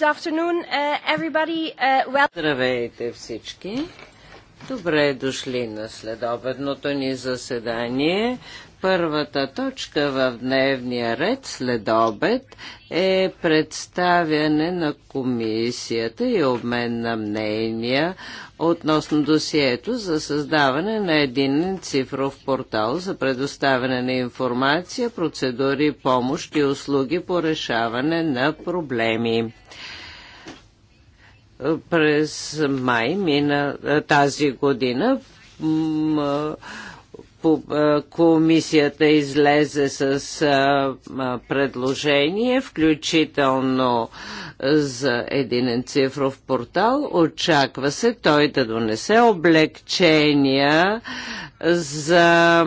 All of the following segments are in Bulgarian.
Uh, uh, well... Здравейте всички! Добре дошли на следобедното ни заседание. Първата точка в дневния ред след обед е представяне на комисията и обмен на мнения относно досието за създаване на един цифров портал за предоставяне на информация, процедури, помощ и услуги по решаване на проблеми през май мина тази година комисията излезе с предложение, включително за един цифров портал. Очаква се той да донесе облегчения за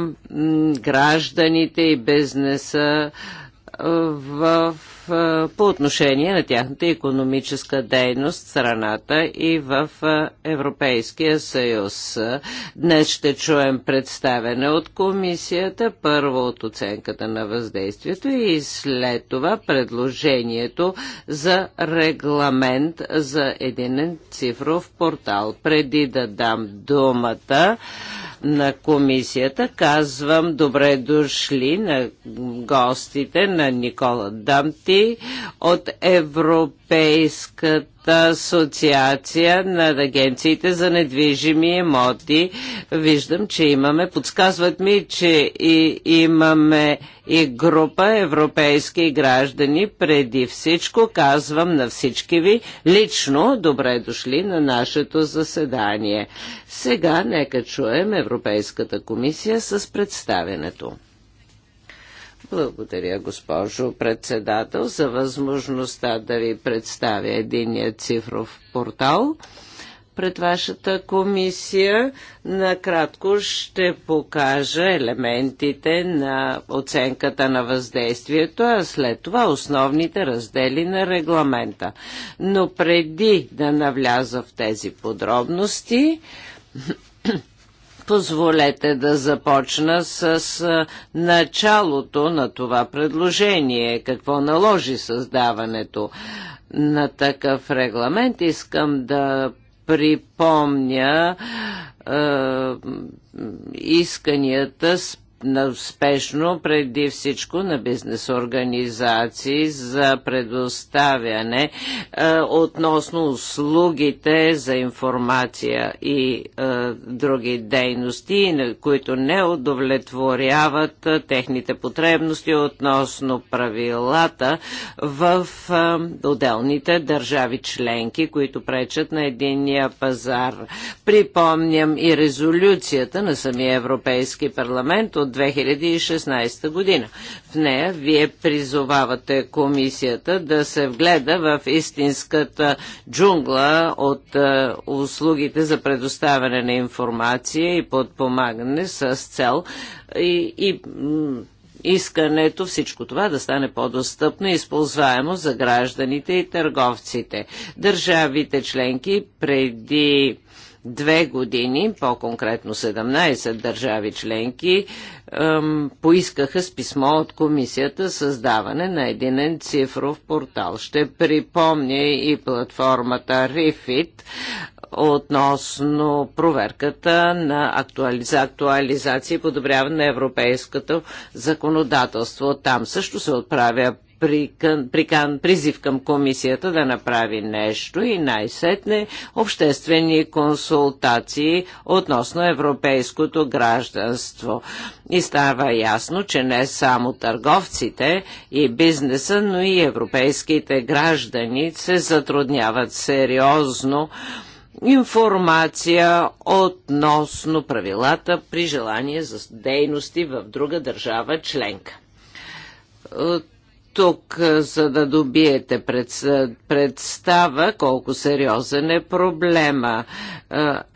гражданите и бизнеса в по отношение на тяхната економическа дейност в страната и в Европейския съюз. Днес ще чуем представене от комисията, първо от оценката на въздействието и след това предложението за регламент за единен цифров портал. Преди да дам думата, на комисията. Казвам добре дошли на гостите на Никола Дамти от Европейската Асоциация на агенциите за недвижими имоти. Виждам, че имаме, подсказват ми, че и имаме и група европейски граждани. Преди всичко казвам на всички ви лично добре дошли на нашето заседание. Сега нека чуем Европейската комисия с представенето. Благодаря, госпожо председател, за възможността да ви представя единия цифров портал пред вашата комисия. Накратко ще покажа елементите на оценката на въздействието, а след това основните раздели на регламента. Но преди да навляза в тези подробности, Позволете да започна с началото на това предложение, какво наложи създаването на такъв регламент. Искам да припомня е, исканията с на успешно преди всичко на бизнес организации за предоставяне е, относно услугите за информация и е, други дейности, които не удовлетворяват е, техните потребности относно правилата в е, отделните държави членки, които пречат на единния пазар. Припомням и резолюцията на самия Европейски парламент от от 2016 година. В нея вие призовавате комисията да се вгледа в истинската джунгла от е, услугите за предоставяне на информация и подпомагане с цел и, и искането всичко това да стане по-достъпно и използваемо за гражданите и търговците. Държавите членки преди две години, по-конкретно 17 държави членки, поискаха с писмо от комисията създаване на един цифров портал. Ще припомня и платформата Refit, относно проверката на актуализа, актуализация и подобряване на европейското законодателство. Там също се отправя прикън, прикан, призив към комисията да направи нещо и най-сетне обществени консултации относно европейското гражданство. И става ясно, че не само търговците и бизнеса, но и европейските граждани се затрудняват сериозно информация относно правилата при желание за дейности в друга държава членка тук, за да добиете пред, представа колко сериозен е проблема.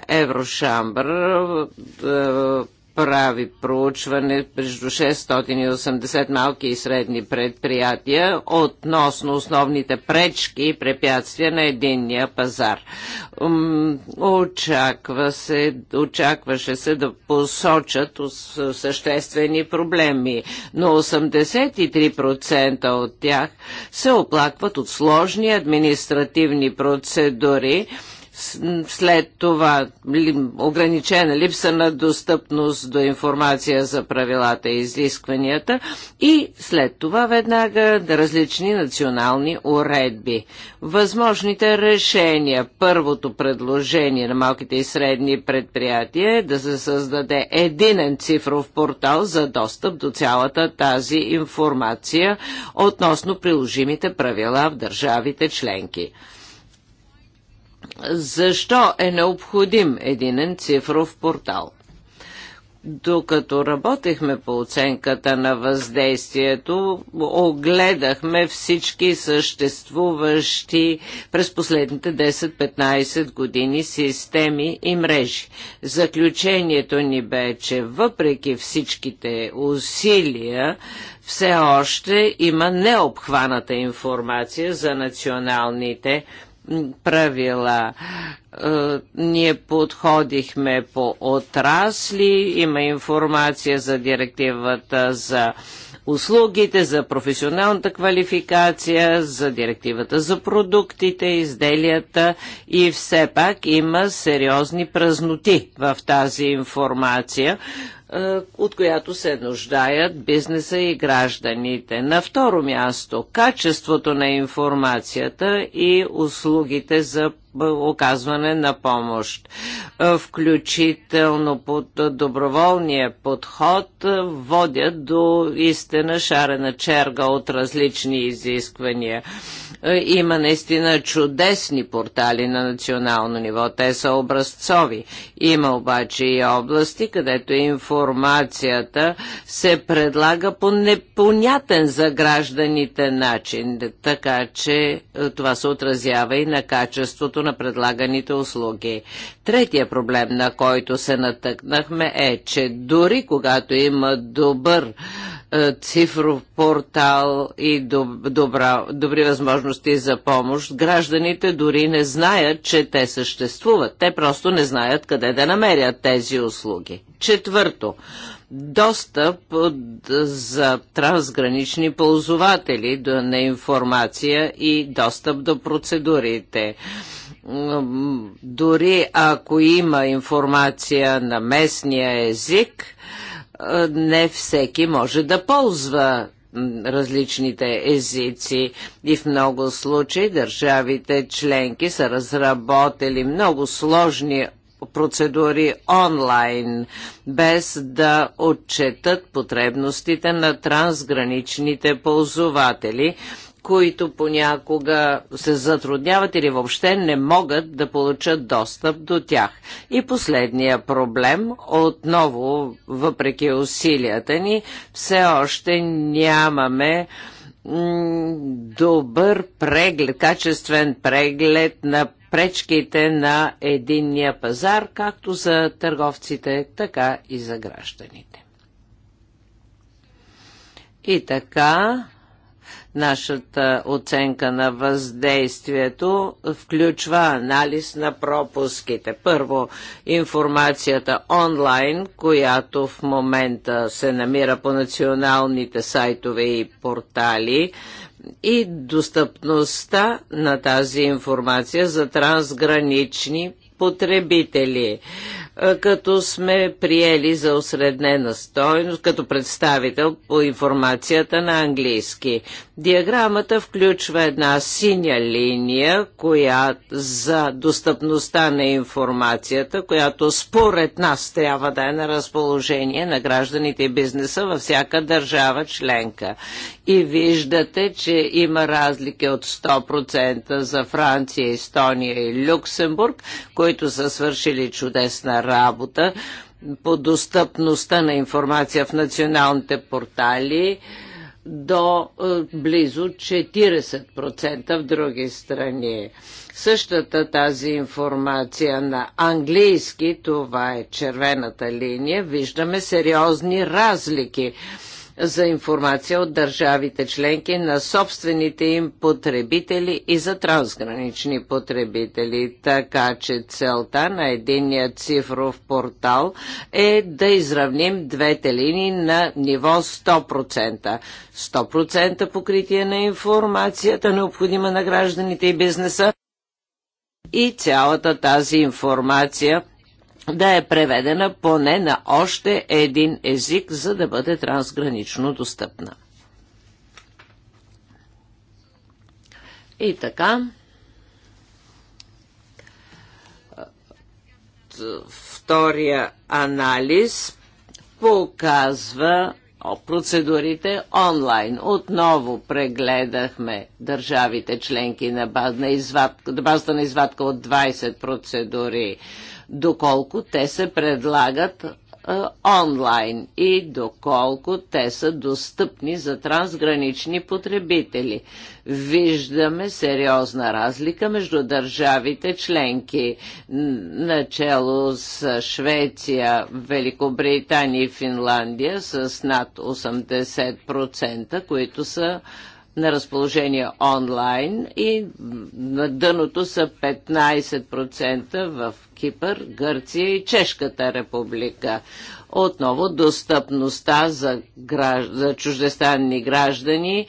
Еврошамбър прави проучване между 680 малки и средни предприятия относно основните пречки и препятствия на единния пазар. Очаква се, очакваше се да посочат съществени проблеми, но 83% от тях се оплакват от сложни административни процедури, след това ограничена липса на достъпност до информация за правилата и изискванията и след това веднага различни национални уредби. Възможните решения. Първото предложение на малките и средни предприятия е да се създаде единен цифров портал за достъп до цялата тази информация относно приложимите правила в държавите членки. Защо е необходим единен цифров портал? Докато работехме по оценката на въздействието, огледахме всички съществуващи през последните 10-15 години системи и мрежи. Заключението ни бе, че въпреки всичките усилия, все още има необхваната информация за националните мрежи правила. Е, ние подходихме по отрасли, има информация за директивата за услугите, за професионалната квалификация, за директивата за продуктите, изделията и все пак има сериозни празноти в тази информация, е, от която се нуждаят бизнеса и гражданите. На второ място, качеството на информацията и услугите за е, оказване на помощ, е, включително под доброволния подход, водят до истина шарена черга от различни изисквания. Е, има наистина чудесни портали на национално ниво. Те са образцови. Има обаче и области, където информацията се предлага по непонятен за гражданите начин. Така че е, това се отразява и на качеството на предлаганите услуги. Третия проблем, на който се натъкнахме е, че дори когато има добър е, цифров портал и добра, добри възможности за помощ, гражданите дори не знаят, че те съществуват. Те просто не знаят къде да намерят тези услуги. Четвърто, достъп е, за трансгранични ползватели до информация и достъп до процедурите дори ако има информация на местния език, е, не всеки може да ползва различните езици и в много случаи държавите членки са разработили много сложни процедури онлайн, без да отчетат потребностите на трансграничните ползователи които понякога се затрудняват или въобще не могат да получат достъп до тях. И последния проблем, отново, въпреки усилията ни, все още нямаме добър преглед, качествен преглед на пречките на единния пазар, както за търговците, така и за гражданите. И така, Нашата оценка на въздействието включва анализ на пропуските. Първо, информацията онлайн, която в момента се намира по националните сайтове и портали, и достъпността на тази информация за трансгранични потребители, е, като сме приели за осреднена стойност, като представител по информацията на английски. Диаграмата включва една синя линия коя, за достъпността на информацията, която според нас трябва да е на разположение на гражданите и бизнеса във всяка държава членка. И виждате, че има разлики от 100% за Франция, Естония и Люксембург, които са свършили чудесна работа по достъпността на информация в националните портали до е, близо 40% в други страни. Същата тази информация на английски, това е червената линия, виждаме сериозни разлики за информация от държавите членки на собствените им потребители и за трансгранични потребители. Така че целта на единия цифров портал е да изравним двете линии на ниво 100%. 100% покритие на информацията, необходима на гражданите и бизнеса и цялата тази информация да е преведена поне на още един език, за да бъде трансгранично достъпна. И така. Втория анализ показва процедурите онлайн. Отново прегледахме държавите членки на, на, на базата на извадка от 20 процедури, доколко те се предлагат е, онлайн и доколко те са достъпни за трансгранични потребители. Виждаме сериозна разлика между държавите членки, начало с Швеция, Великобритания и Финландия с над 80%, които са на разположение онлайн и на дъното са 15% в Кипър, Гърция и Чешката република. Отново достъпността за, гражд... за чуждестранни граждани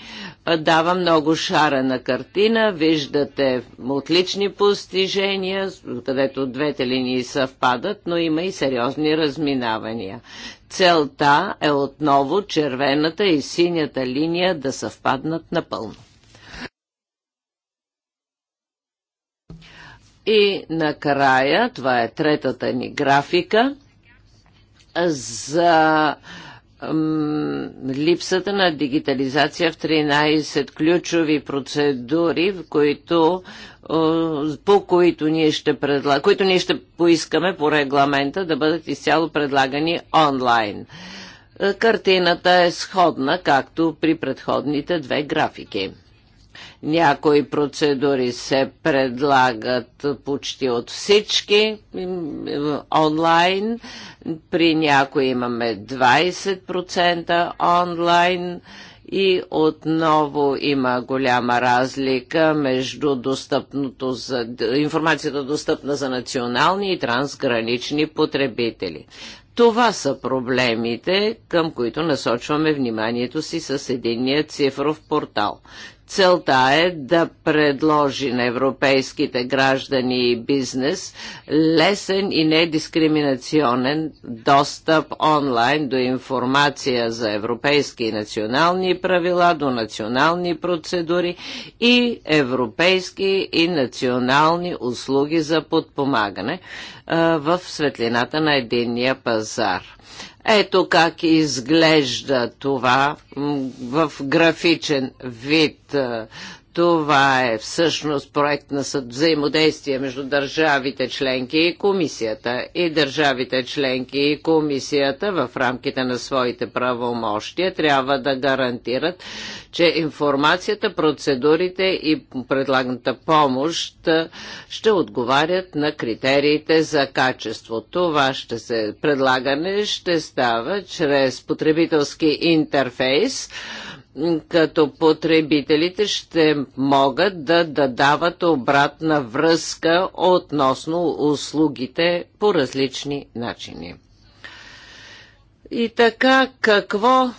дава много шарена картина. Виждате отлични постижения, където двете линии съвпадат, но има и сериозни разминавания. Целта е отново червената и синята линия да съвпаднат напълно. И накрая, това е третата ни графика, за липсата на дигитализация в 13 ключови процедури, в които, по които ние, ще предла... които ние ще поискаме по регламента да бъдат изцяло предлагани онлайн. Картината е сходна, както при предходните две графики. Някои процедури се предлагат почти от всички онлайн. При някои имаме 20% онлайн и отново има голяма разлика между достъпното за, информацията достъпна за национални и трансгранични потребители. Това са проблемите, към които насочваме вниманието си с единния цифров портал. Целта е да предложи на европейските граждани и бизнес лесен и недискриминационен достъп онлайн до информация за европейски и национални правила, до национални процедури и европейски и национални услуги за подпомагане в светлината на единния пазар. Ето как изглежда това в графичен вид. Това е всъщност проект на взаимодействие между държавите членки и комисията. И държавите членки и комисията в рамките на своите правомощия трябва да гарантират, че информацията, процедурите и предлаганата помощ ще отговарят на критериите за качество. Това ще се, предлагане ще става чрез потребителски интерфейс, като потребителите ще могат да, дадават дават обратна връзка относно услугите по различни начини. И така, какво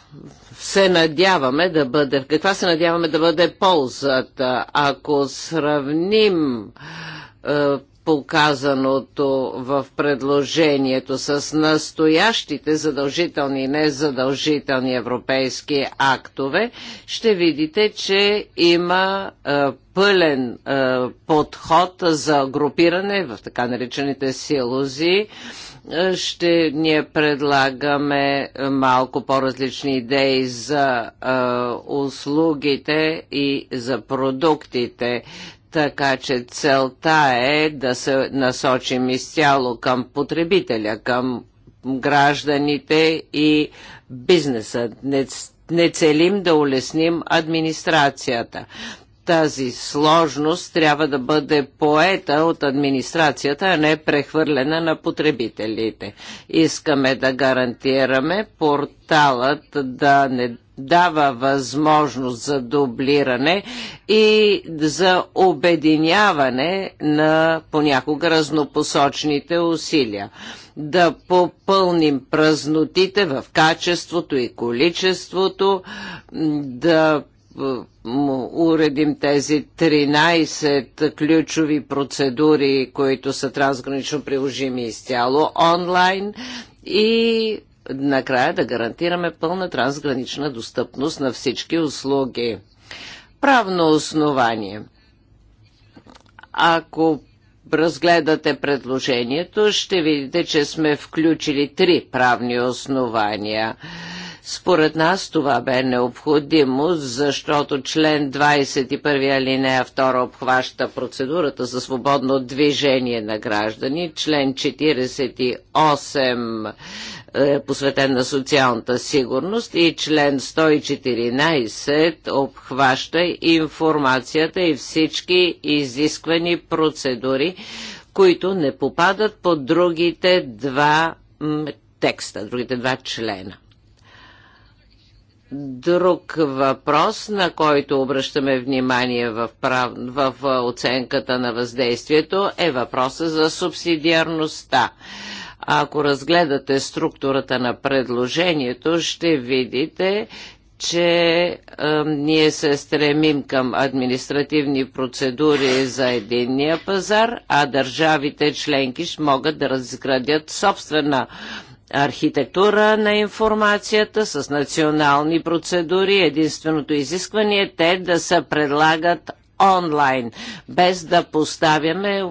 се надяваме да бъде, каква се надяваме да бъде ползата, ако сравним е, показаното в предложението с настоящите задължителни и незадължителни европейски актове, ще видите, че има е, пълен е, подход за групиране в така наречените силози. Е, ще ние предлагаме малко по-различни идеи за е, услугите и за продуктите така че целта е да се насочим изцяло към потребителя, към гражданите и бизнеса. Не, не целим да улесним администрацията. Тази сложност трябва да бъде поета от администрацията, а не прехвърлена на потребителите. Искаме да гарантираме порталът да не дава възможност за дублиране и за обединяване на понякога разнопосочните усилия. Да попълним празнотите в качеството и количеството, да уредим тези 13 ключови процедури, които са трансгранично приложими изцяло онлайн и накрая да гарантираме пълна трансгранична достъпност на всички услуги. Правно основание. Ако разгледате предложението, ще видите, че сме включили три правни основания. Според нас това бе необходимо, защото член 21 алинея 2 обхваща процедурата за свободно движение на граждани, член 48 е посветен на социалната сигурност и член 114 обхваща информацията и всички изисквани процедури, които не попадат под другите два текста, другите два члена. Друг въпрос, на който обръщаме внимание в, прав... в оценката на въздействието, е въпроса за субсидиарността. Ако разгледате структурата на предложението, ще видите, че е, ние се стремим към административни процедури за единния пазар, а държавите членки ще могат да разградят собствена архитектура на информацията с национални процедури. Единственото изискване е те да се предлагат онлайн, без да поставяме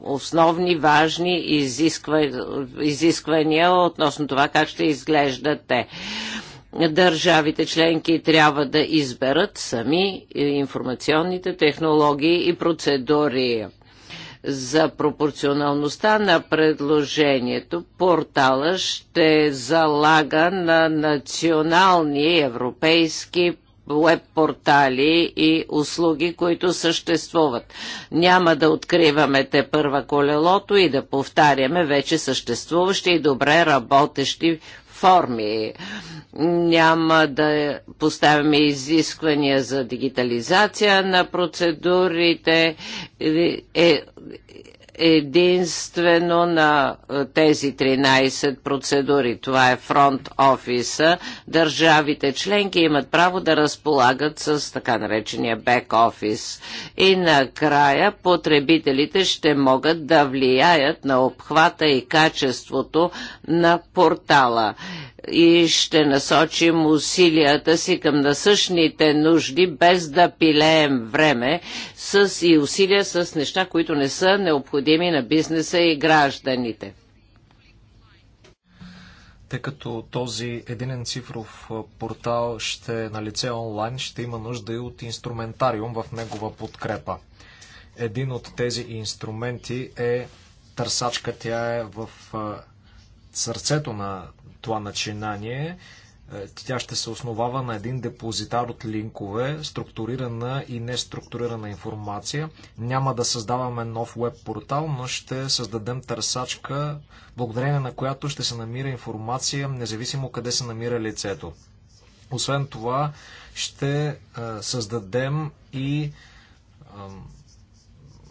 основни важни изисква... изисквания относно това как ще изглеждат те. Държавите членки трябва да изберат сами информационните технологии и процедури. За пропорционалността на предложението портала ще залага на национални европейски веб-портали и услуги, които съществуват. Няма да откриваме те първа колелото и да повтаряме вече съществуващи и добре работещи платформи. Няма да поставяме изисквания за дигитализация на процедурите, е, единствено на е, тези 13 процедури. Това е фронт офиса. Държавите членки имат право да разполагат с така наречения бек офис. И накрая потребителите ще могат да влияят на обхвата и качеството на портала и ще насочим усилията си към насъщните нужди, без да пилеем време с и усилия с неща, които не са необходими на бизнеса и гражданите. Тъй като този единен цифров портал ще е на лице онлайн, ще има нужда и от инструментариум в негова подкрепа. Един от тези инструменти е търсачка. Тя е в сърцето на това начинание. Е, тя ще се основава на един депозитар от линкове, структурирана и неструктурирана информация. Няма да създаваме нов веб портал, но ще създадем търсачка, благодарение на която ще се намира информация, независимо къде се намира лицето. Освен това, ще е, създадем и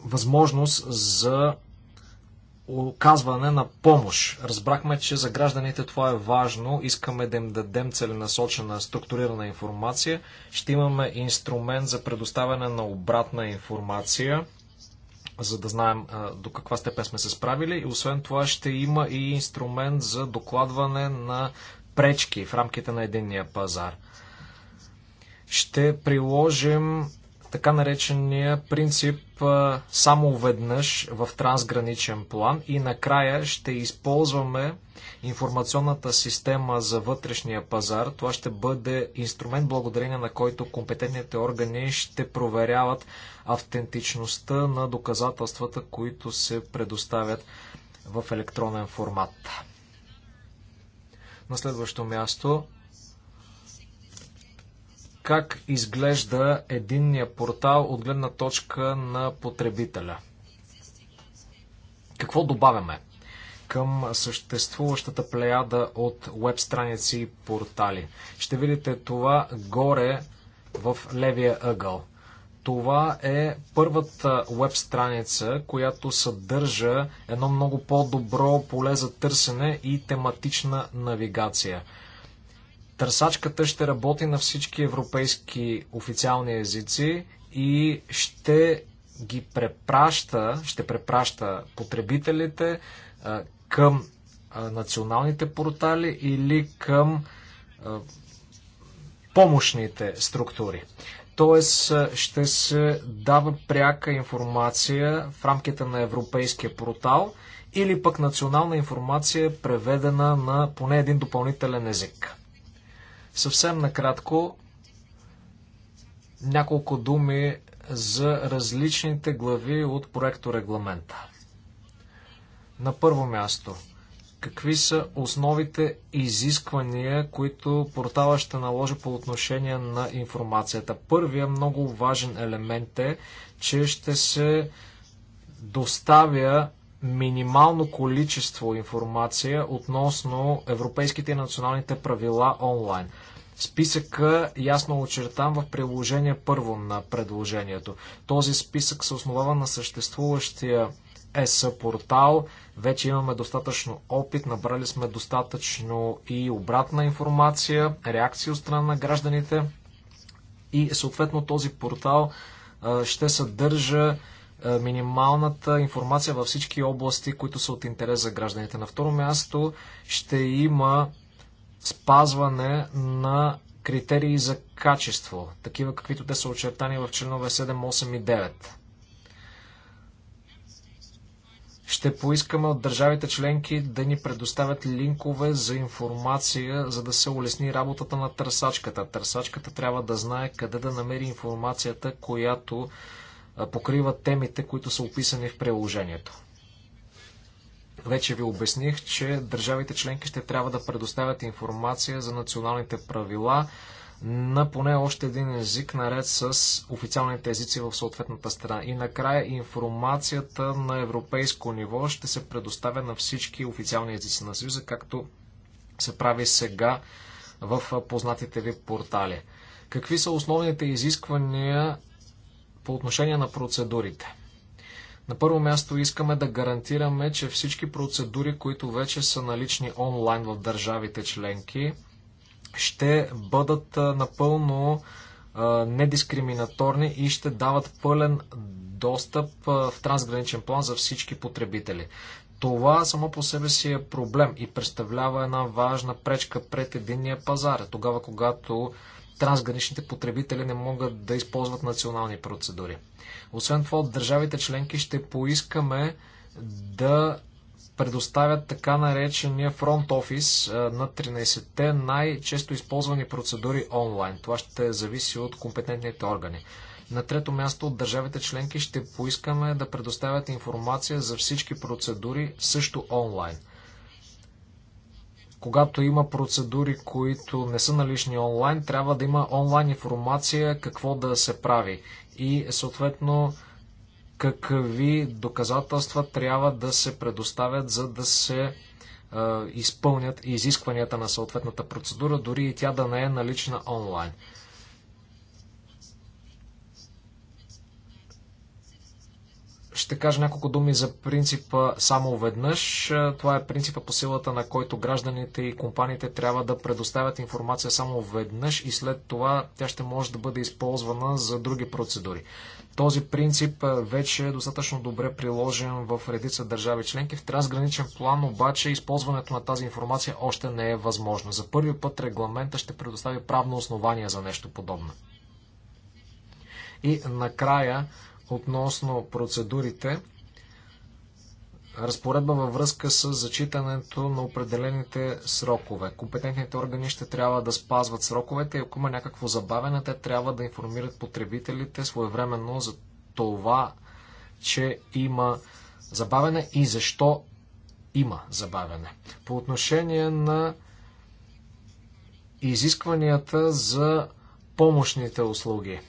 възможност за оказване на помощ. Разбрахме, че за гражданите това е важно. Искаме да им дадем целенасочена, структурирана информация. Ще имаме инструмент за предоставяне на обратна информация, за да знаем до каква степен сме се справили. И освен това ще има и инструмент за докладване на пречки в рамките на единния пазар. Ще приложим така наречения принцип само веднъж в трансграничен план и накрая ще използваме информационната система за вътрешния пазар. Това ще бъде инструмент, благодарение на който компетентните органи ще проверяват автентичността на доказателствата, които се предоставят в електронен формат. На следващо място как изглежда единния портал от гледна точка на потребителя. Какво добавяме към съществуващата плеяда от веб страници и портали? Ще видите това горе в левия ъгъл. Това е първата веб страница, която съдържа едно много по-добро поле за търсене и тематична навигация. Търсачката ще работи на всички европейски официални езици и ще ги препраща, ще препраща потребителите а, към а, националните портали или към а, помощните структури. Тоест ще се дава пряка информация в рамките на европейския портал или пък национална информация преведена на поне един допълнителен език. Съвсем накратко, няколко думи за различните глави от проекто регламента. На първо място, какви са основите изисквания, които портала ще наложи по отношение на информацията? Първият много важен елемент е, че ще се доставя минимално количество информация относно европейските и националните правила онлайн. Списъка ясно очертан в приложение първо на предложението. Този списък се основава на съществуващия ЕС портал. Вече имаме достатъчно опит, набрали сме достатъчно и обратна информация, реакции от страна на гражданите и съответно този портал ще съдържа е, минималната информация във всички области, които са от интерес за гражданите. На второ място ще има спазване на критерии за качество, такива каквито те са очертани в членове 7, 8 и 9. Ще поискаме от държавите членки да ни предоставят линкове за информация, за да се улесни работата на търсачката. Търсачката трябва да знае къде да намери информацията, която покриват темите, които са описани в приложението. Вече ви обясних, че държавите членки ще трябва да предоставят информация за националните правила на поне още един език, наред с официалните езици в съответната страна. И накрая информацията на европейско ниво ще се предоставя на всички официални езици на Съюза, както се прави сега в познатите ви портали. Какви са основните изисквания по отношение на процедурите. На първо място искаме да гарантираме, че всички процедури, които вече са налични онлайн в държавите членки, ще бъдат напълно недискриминаторни и ще дават пълен достъп в трансграничен план за всички потребители. Това само по себе си е проблем и представлява една важна пречка пред единния пазар. Тогава, когато трансграничните потребители не могат да използват национални процедури. Освен това, от държавите членки ще поискаме да предоставят така наречения фронт офис на 13-те най-често използвани процедури онлайн. Това ще зависи от компетентните органи. На трето място от държавите членки ще поискаме да предоставят информация за всички процедури също онлайн когато има процедури, които не са налични онлайн, трябва да има онлайн информация какво да се прави и съответно какви доказателства трябва да се предоставят, за да се е, изпълнят изискванията на съответната процедура, дори и тя да не е налична онлайн. Ще кажа няколко думи за принципа само веднъж. Е, това е принципа по силата на който гражданите и компаниите трябва да предоставят информация само веднъж и след това тя ще може да бъде използвана за други процедури. Този принцип е, вече е достатъчно добре приложен в редица държави членки. В трансграничен план обаче използването на тази информация още не е възможно. За първи път регламента ще предостави правно основание за нещо подобно. И накрая относно процедурите, разпоредба във връзка с зачитането на определените срокове. Компетентните органи ще трябва да спазват сроковете и ако има някакво забавене, те трябва да информират потребителите своевременно за това, че има забавене и защо има забавене. По отношение на изискванията за помощните услуги.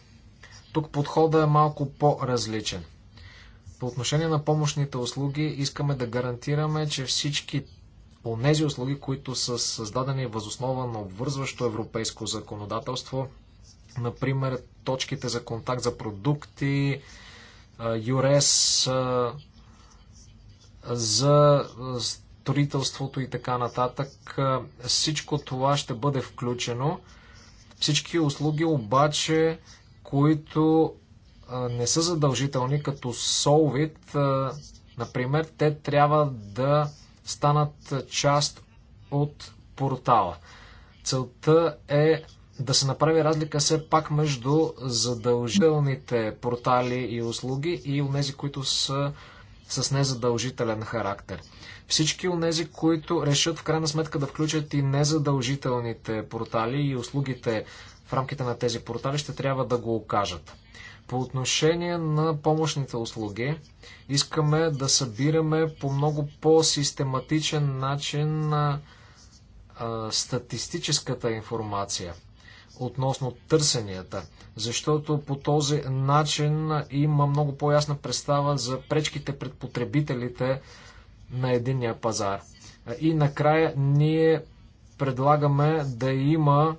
Тук подхода е малко по-различен. По отношение на помощните услуги искаме да гарантираме, че всички онези услуги, които са създадени възоснова на обвързващо европейско законодателство, например точките за контакт за продукти, ЮРЕС за строителството и така нататък, всичко това ще бъде включено. Всички услуги обаче които не са задължителни, като Solvit, например, те трябва да станат част от портала. Целта е да се направи разлика все пак между задължителните портали и услуги и нези, които са с незадължителен характер. Всички онези, които решат в крайна сметка да включат и незадължителните портали и услугите в рамките на тези портали, ще трябва да го окажат. По отношение на помощните услуги, искаме да събираме по много по-систематичен начин на статистическата информация относно търсенията, защото по този начин има много по-ясна представа за пречките пред потребителите на единния пазар. И накрая ние предлагаме да има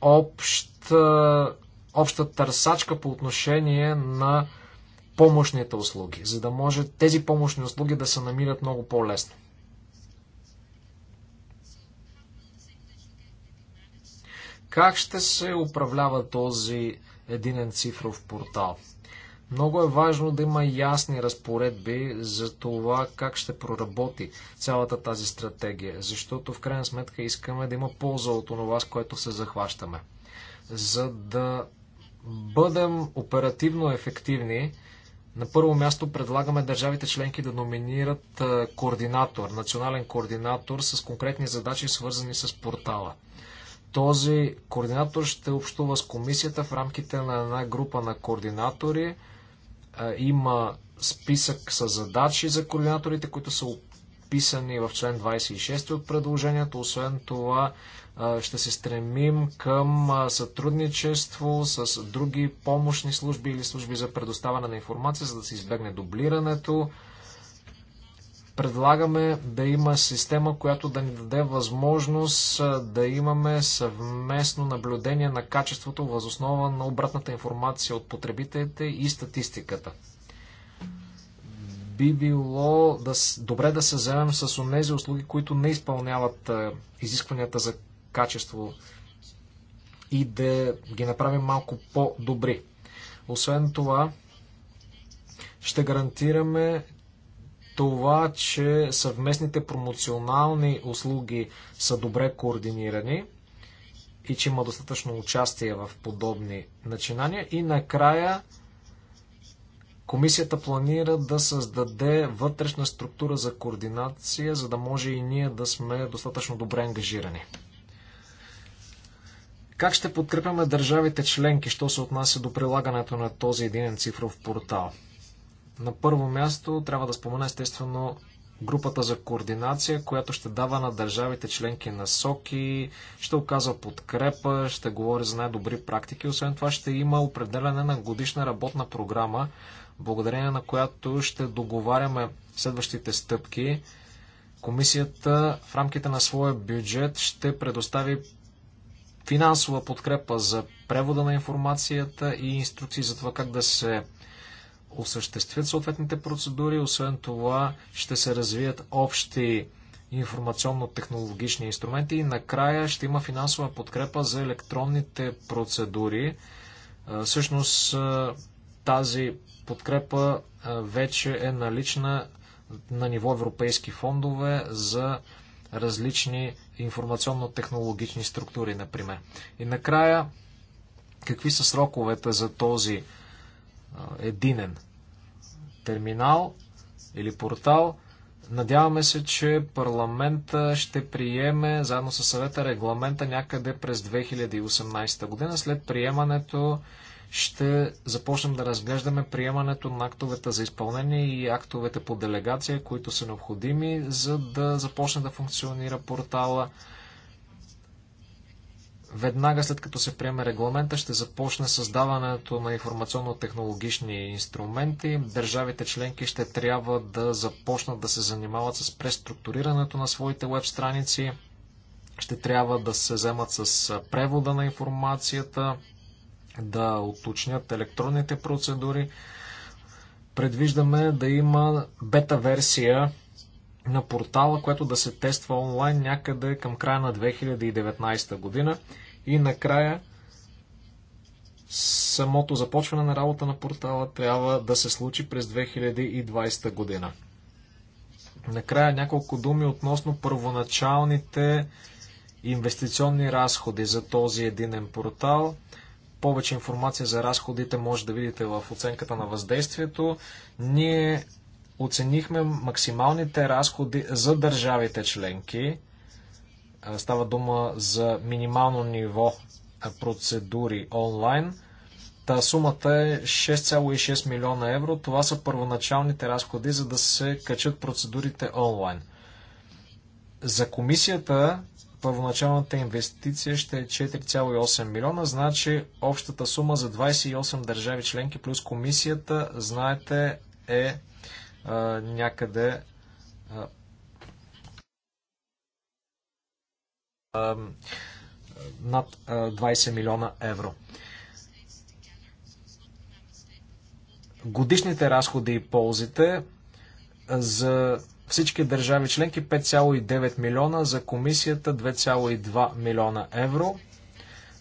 обща, обща търсачка по отношение на помощните услуги, за да може тези помощни услуги да се намират много по-лесно. Как ще се управлява този единен цифров портал? Много е важно да има ясни разпоредби за това как ще проработи цялата тази стратегия, защото в крайна сметка искаме да има полза от това, с което се захващаме. За да бъдем оперативно ефективни, на първо място предлагаме държавите членки да номинират координатор, национален координатор с конкретни задачи, свързани с портала. Този координатор ще общува с комисията в рамките на една група на координатори, има списък с задачи за координаторите, които са описани в член 26 от предложението. Освен това, ще се стремим към сътрудничество с други помощни служби или служби за предоставяне на информация, за да се избегне дублирането. Предлагаме да има система, която да ни даде възможност да имаме съвместно наблюдение на качеството възоснова на обратната информация от потребителите и статистиката. Би било да, добре да се вземем с онези услуги, които не изпълняват изискванията за качество и да ги направим малко по-добри. Освен това, ще гарантираме, това, че съвместните промоционални услуги са добре координирани и че има достатъчно участие в подобни начинания. И накрая комисията планира да създаде вътрешна структура за координация, за да може и ние да сме достатъчно добре ангажирани. Как ще подкрепяме държавите членки, що се отнася до прилагането на този единен цифров портал? На първо място трябва да спомена естествено групата за координация, която ще дава на държавите членки насоки, ще оказва подкрепа, ще говори за най-добри практики. Освен това ще има определене на годишна работна програма, благодарение на която ще договаряме следващите стъпки. Комисията в рамките на своя бюджет ще предостави финансова подкрепа за превода на информацията и инструкции за това как да се осъществят съответните процедури. Освен това ще се развият общи информационно-технологични инструменти и накрая ще има финансова подкрепа за електронните процедури. Всъщност тази подкрепа вече е налична на ниво европейски фондове за различни информационно-технологични структури, например. И накрая, какви са сроковете за този единен терминал или портал. Надяваме се, че парламента ще приеме заедно с съвета регламента някъде през 2018 година. След приемането ще започнем да разглеждаме приемането на актовете за изпълнение и актовете по делегация, които са необходими, за да започне да функционира портала. Веднага след като се приеме регламента, ще започне създаването на информационно-технологични инструменти. Държавите членки ще трябва да започнат да се занимават с преструктурирането на своите веб страници, ще трябва да се вземат с превода на информацията, да уточнят електронните процедури. Предвиждаме да има бета-версия на портала, което да се тества онлайн някъде към края на 2019 година. И накрая самото започване на работа на портала трябва да се случи през 2020 година. Накрая няколко думи относно първоначалните инвестиционни разходи за този единен портал. Повече информация за разходите може да видите в оценката на въздействието. Ние оценихме максималните разходи за държавите членки. Става дума за минимално ниво процедури онлайн. Та сумата е 6,6 милиона евро. Това са първоначалните разходи, за да се качат процедурите онлайн. За комисията първоначалната инвестиция ще е 4,8 милиона, значи общата сума за 28 държави членки плюс комисията, знаете, е а, някъде а, над а, 20 милиона евро. Годишните разходи и ползите за всички държави членки 5,9 милиона, за комисията 2,2 милиона евро.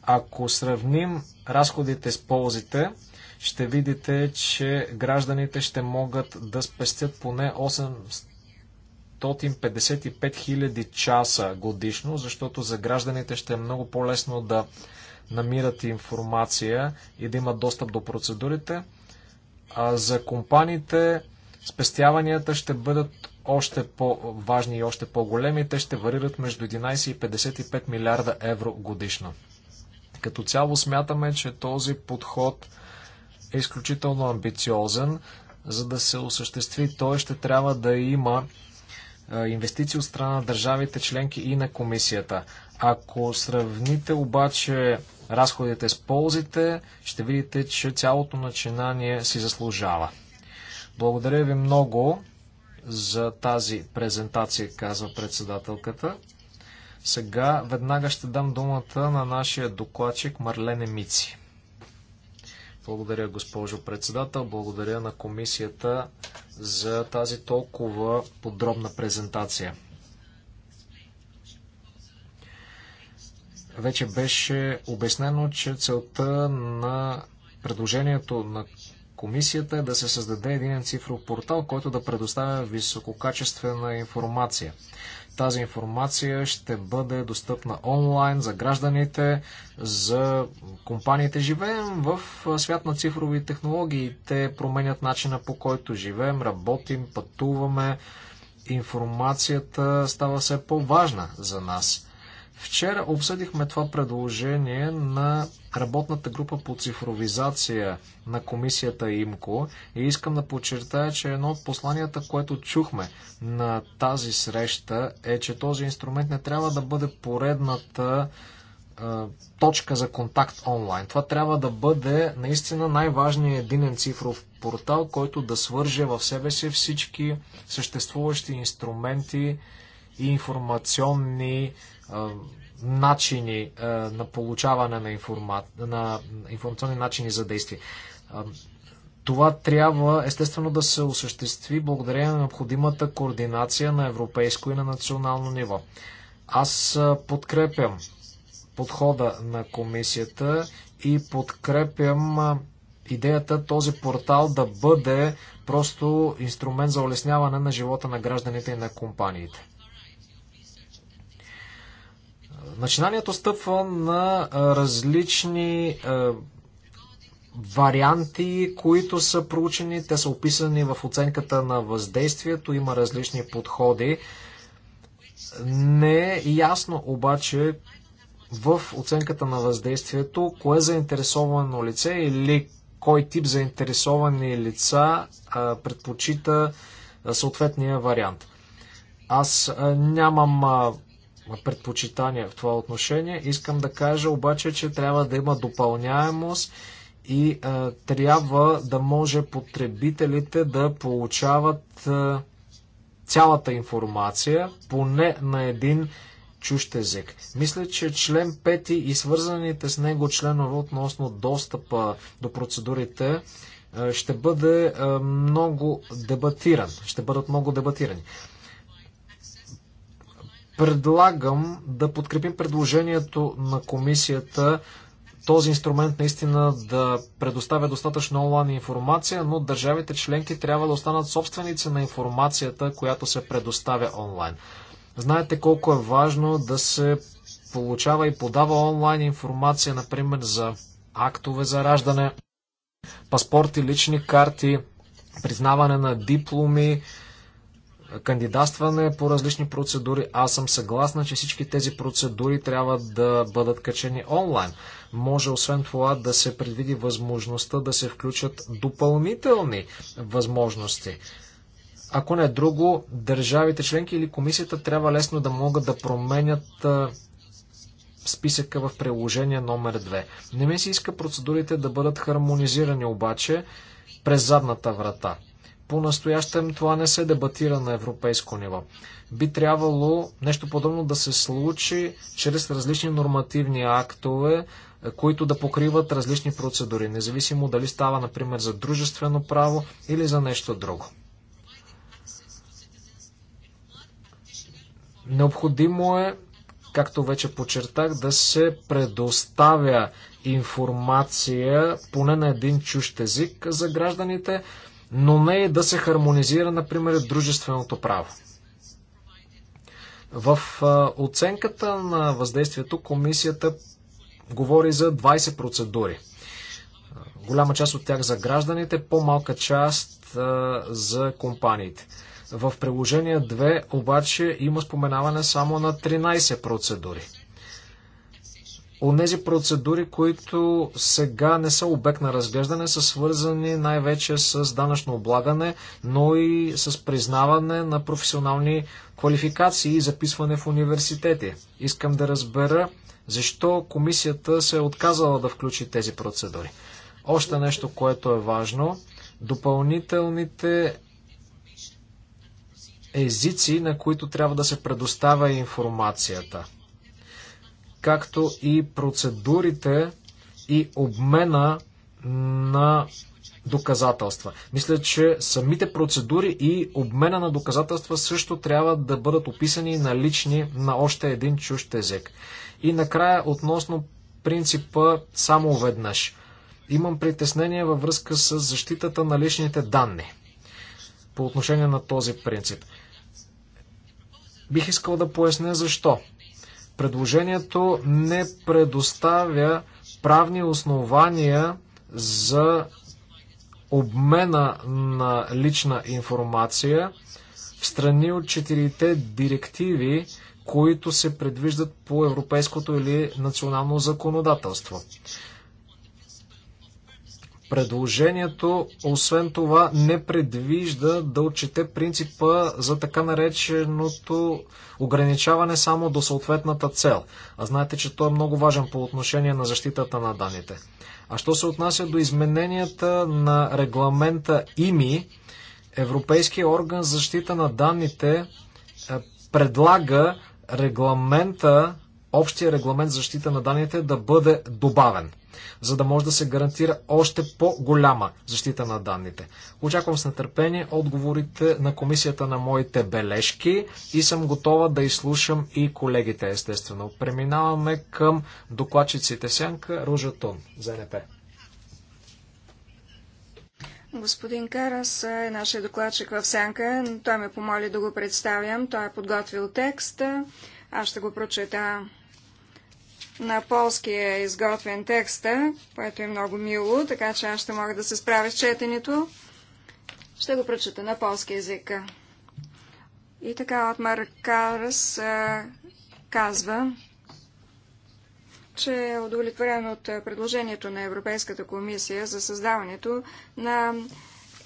Ако сравним разходите с ползите, ще видите, че гражданите ще могат да спестят поне 855 000 часа годишно, защото за гражданите ще е много по-лесно да намират информация и да имат достъп до процедурите. А за компаниите спестяванията ще бъдат още по-важни и още по-големи. Те ще варират между 11 и 55 милиарда евро годишно. Като цяло смятаме, че този подход е изключително амбициозен. За да се осъществи той ще трябва да има инвестиции от страна на държавите членки и на комисията. Ако сравните обаче разходите с ползите, ще видите, че цялото начинание си заслужава. Благодаря ви много за тази презентация, казва председателката. Сега веднага ще дам думата на нашия докладчик Марлене Мици. Благодаря, госпожо председател. Благодаря на комисията за тази толкова подробна презентация. Вече беше обяснено, че целта на предложението на комисията е да се създаде един цифров портал, който да предоставя висококачествена информация тази информация ще бъде достъпна онлайн за гражданите, за компаниите. Живеем в свят на цифрови технологии. Те променят начина по който живеем, работим, пътуваме. Информацията става все по-важна за нас. Вчера обсъдихме това предложение на работната група по цифровизация на комисията ИМКО и искам да подчертая, че едно от посланията, което чухме на тази среща е, че този инструмент не трябва да бъде поредната точка за контакт онлайн. Това трябва да бъде наистина най-важният единен цифров портал, който да свърже в себе си всички съществуващи инструменти и информационни начини на получаване на, информа... на информационни начини за действие. Това трябва естествено да се осъществи благодарение на необходимата координация на европейско и на национално ниво. Аз подкрепям подхода на комисията и подкрепям идеята този портал да бъде просто инструмент за улесняване на живота на гражданите и на компаниите. Начинанието стъпва на различни варианти, които са проучени. Те са описани в оценката на въздействието. Има различни подходи. Не е ясно обаче в оценката на въздействието кое е заинтересовано лице или кой тип заинтересовани лица а, предпочита а, съответния вариант. Аз а, нямам предпочитания в това отношение. Искам да кажа обаче, че трябва да има допълняемост и е, трябва да може потребителите да получават е, цялата информация, поне на един чущ език. Мисля, че член 5 и свързаните с него членове относно достъпа до процедурите е, ще бъде е, много дебатиран. Ще бъдат много дебатирани. Предлагам да подкрепим предложението на комисията този инструмент наистина да предоставя достатъчно онлайн информация, но държавите членки трябва да останат собственици на информацията, която се предоставя онлайн. Знаете колко е важно да се получава и подава онлайн информация, например за актове за раждане, паспорти, лични карти, признаване на дипломи, кандидатстване по различни процедури. Аз съм съгласна, че всички тези процедури трябва да бъдат качени онлайн. Може освен това да се предвиди възможността да се включат допълнителни възможности. Ако не друго, държавите членки или комисията трябва лесно да могат да променят списъка в приложение номер 2. Не ми се иска процедурите да бъдат хармонизирани обаче през задната врата. По-настоящем това не се дебатира на европейско ниво. Би трябвало нещо подобно да се случи чрез различни нормативни актове, които да покриват различни процедури, независимо дали става, например, за дружествено право или за нещо друго. Необходимо е, както вече почертах, да се предоставя информация поне на един чущ език за гражданите, но не е да се хармонизира, например, дружественото право. В оценката на въздействието комисията говори за 20 процедури. Голяма част от тях за гражданите, по-малка част за компаниите. В приложение 2 обаче има споменаване само на 13 процедури. Онези процедури, които сега не са обект на разглеждане, са свързани най-вече с данъчно облагане, но и с признаване на професионални квалификации и записване в университети. Искам да разбера защо комисията се е отказала да включи тези процедури. Още нещо, което е важно. Допълнителните езици, на които трябва да се предоставя информацията – както и процедурите и обмена на доказателства. Мисля, че самите процедури и обмена на доказателства също трябва да бъдат описани налични на още един чужд език. И накрая относно принципа само веднъж. Имам притеснение във връзка с защитата на личните данни по отношение на този принцип. Бих искал да поясня защо. Предложението не предоставя правни основания за обмена на лична информация в страни от четирите директиви, които се предвиждат по европейското или национално законодателство. Предложението, освен това, не предвижда да отчете принципа за така нареченото ограничаване само до съответната цел. А знаете, че той е много важен по отношение на защитата на данните. А що се отнася до измененията на регламента ИМИ, Европейския орган за защита на данните е, предлага регламента, общия регламент за защита на данните да бъде добавен за да може да се гарантира още по-голяма защита на данните. Очаквам с нетърпение отговорите на комисията на моите бележки и съм готова да изслушам и колегите, естествено. Преминаваме към докладчиците Сянка Ружатун за НП. Господин Карас е нашия докладчик в Сянка. Той ме помоли да го представям. Той е подготвил текста. Аз ще го прочета. На полски е изготвен текста, което е много мило, така че аз ще мога да се справя с четенето. Ще го прочета на полски язик. И така от Маркарас казва, че е удовлетворен от предложението на Европейската комисия за създаването на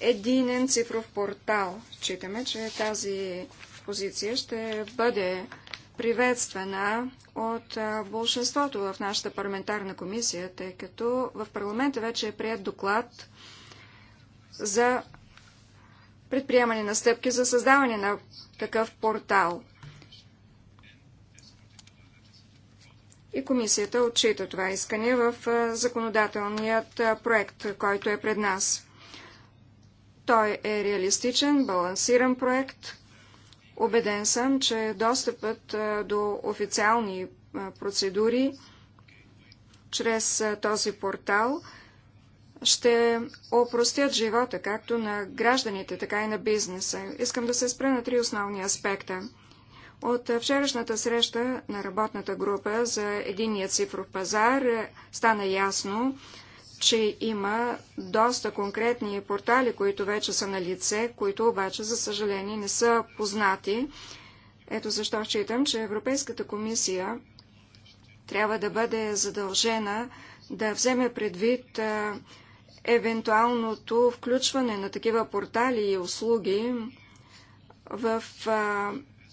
единен цифров портал. Читаме, че тази позиция ще бъде приветствана от большинството в нашата парламентарна комисия, тъй като в парламента вече е прият доклад за предприемане на стъпки за създаване на такъв портал. И комисията отчита това искане в законодателният проект, който е пред нас. Той е реалистичен, балансиран проект – Обеден съм, че достъпът до официални процедури чрез този портал ще опростят живота както на гражданите, така и на бизнеса. Искам да се спра на три основни аспекта. От вчерашната среща на работната група за единия цифров пазар стана ясно, че има доста конкретни портали, които вече са на лице, които обаче, за съжаление, не са познати. Ето защо считам, че Европейската комисия трябва да бъде задължена да вземе предвид евентуалното включване на такива портали и услуги в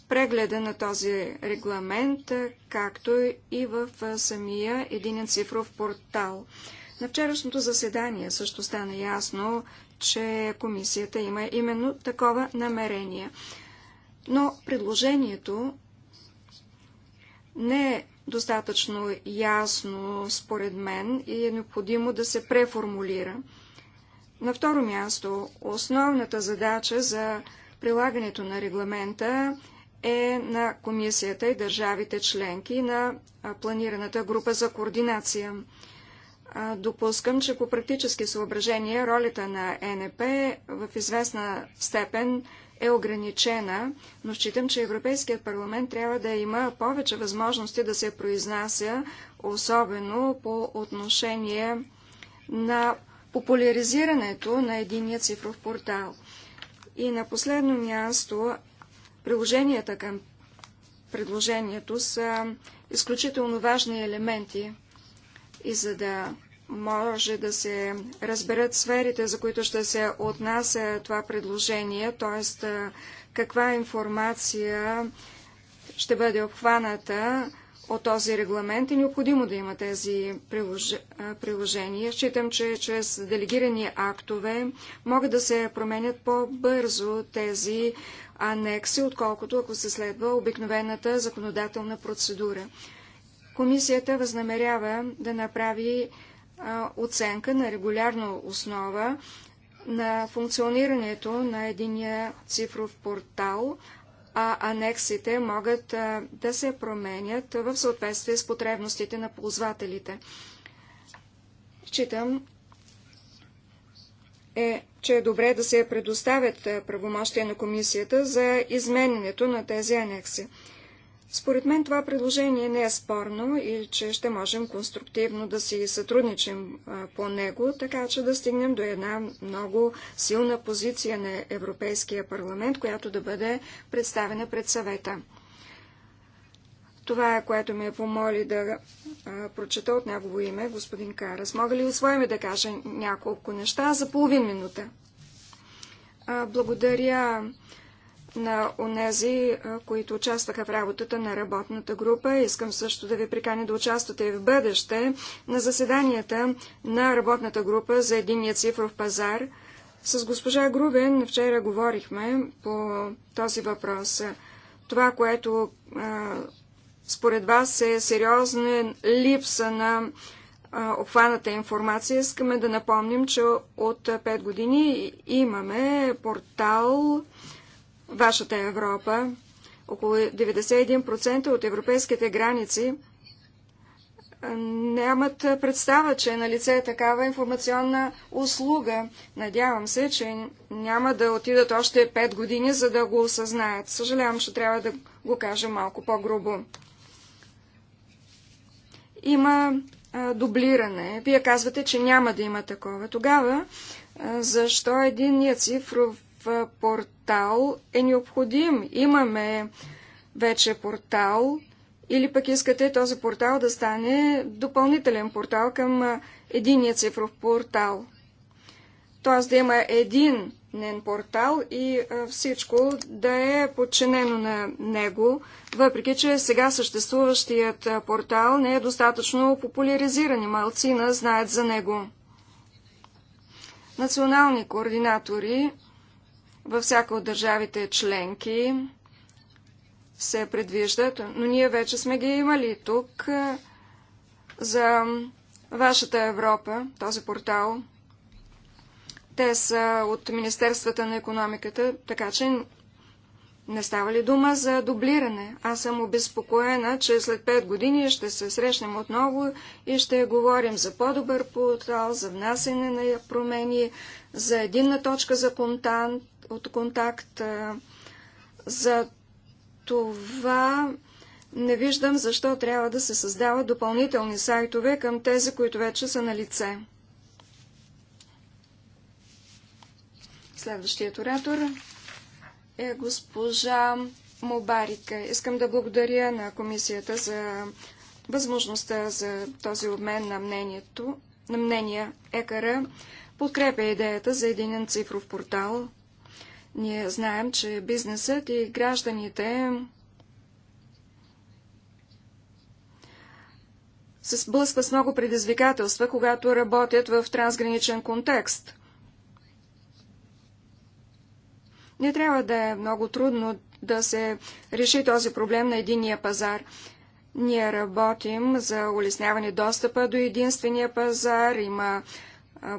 прегледа на този регламент, както и в самия един цифров портал. На вчерашното заседание също стана ясно, че комисията има именно такова намерение. Но предложението не е достатъчно ясно, според мен, и е необходимо да се преформулира. На второ място, основната задача за прилагането на регламента е на комисията и държавите членки на планираната група за координация допускам, че по практически съображения ролята на ЕНП в известна степен е ограничена, но считам, че Европейският парламент трябва да има повече възможности да се произнася, особено по отношение на популяризирането на единия цифров портал. И на последно място, приложенията към предложението са изключително важни елементи и за да може да се разберат сферите, за които ще се отнася това предложение, т.е. каква информация ще бъде обхваната от този регламент, е необходимо да има тези приложения. Считам, че чрез делегирани актове могат да се променят по-бързо тези анекси, отколкото ако се следва обикновената законодателна процедура. Комисията възнамерява да направи оценка на регулярна основа на функционирането на единия цифров портал, а анексите могат да се променят в съответствие с потребностите на ползвателите. Считам, е, че е добре да се предоставят правомощия на комисията за изменението на тези анекси. Според мен това предложение не е спорно и че ще можем конструктивно да си сътрудничим по него, така че да стигнем до една много силна позиция на Европейския парламент, която да бъде представена пред съвета. Това е, което ме помоли да прочета от негово име, господин Карас. Мога ли освоиме да кажа няколко неща за половин минута? благодаря на онези, които участваха в работата на работната група. Искам също да ви приканя да участвате и в бъдеще на заседанията на работната група за единия цифров пазар. С госпожа Грубен вчера говорихме по този въпрос. Това, което според вас е сериозна липса на обхваната информация, искаме да напомним, че от 5 години имаме портал вашата Европа. Около 91% от европейските граници нямат представа, че е на лице е такава информационна услуга. Надявам се, че няма да отидат още 5 години, за да го осъзнаят. Съжалявам, че трябва да го кажа малко по-грубо. Има дублиране. Вие казвате, че няма да има такова. Тогава, защо един цифров портал е необходим. Имаме вече портал или пък искате този портал да стане допълнителен портал към единия цифров портал. Тоест да има един нен портал и всичко да е подчинено на него, въпреки че сега съществуващият портал не е достатъчно популяризиран и малцина знаят за него. Национални координатори във всяка от държавите членки се предвиждат, но ние вече сме ги имали тук е, за вашата Европа, този портал. Те са от Министерствата на економиката, така че не става ли дума за дублиране? Аз съм обезпокоена, че след 5 години ще се срещнем отново и ще говорим за по-добър портал, за внасене на промени, за единна точка за контант от контакт. Е, за това не виждам защо трябва да се създават допълнителни сайтове към тези, които вече са на лице. Следващият оратор е госпожа Мобарика. Искам да благодаря на комисията за възможността за този обмен на мнението, на мнения ЕКР. Подкрепя идеята за един цифров портал, ние знаем, че бизнесът и гражданите се сблъсква с много предизвикателства, когато работят в трансграничен контекст. Не трябва да е много трудно да се реши този проблем на единия пазар. Ние работим за улесняване достъпа до единствения пазар. Има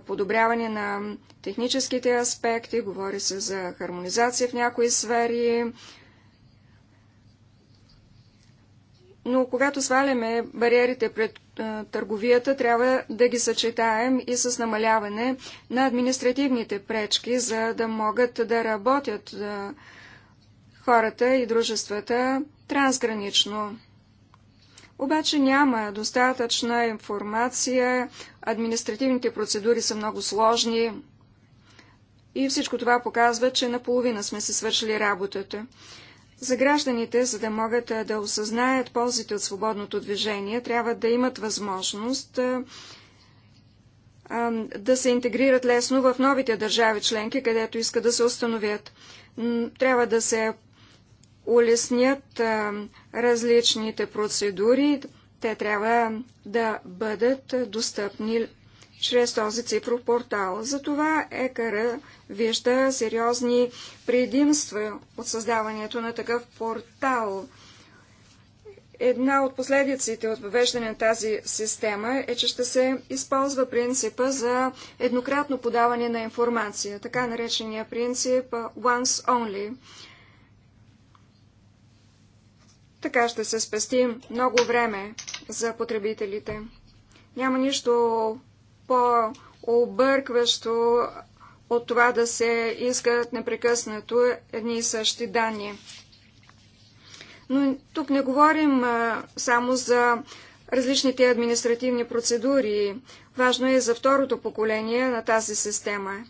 подобряване на техническите аспекти, говори се за хармонизация в някои сфери. Но когато сваляме бариерите пред търговията, трябва да ги съчетаем и с намаляване на административните пречки, за да могат да работят хората и дружествата трансгранично. Обаче няма достатъчна информация, административните процедури са много сложни и всичко това показва, че наполовина сме се свършили работата. За гражданите, за да могат да осъзнаят ползите от свободното движение, трябва да имат възможност да се интегрират лесно в новите държави членки, където искат да се установят. Трябва да се улеснят различните процедури. Те трябва да бъдат достъпни чрез този цифров портал. Затова ЕКР вижда сериозни предимства от създаването на такъв портал. Една от последиците от въвеждане на тази система е, че ще се използва принципа за еднократно подаване на информация, така наречения принцип once only. Така ще се спести много време за потребителите. Няма нищо по-объркващо от това да се искат непрекъснато едни и същи данни. Но тук не говорим само за различните административни процедури. Важно е за второто поколение на тази система.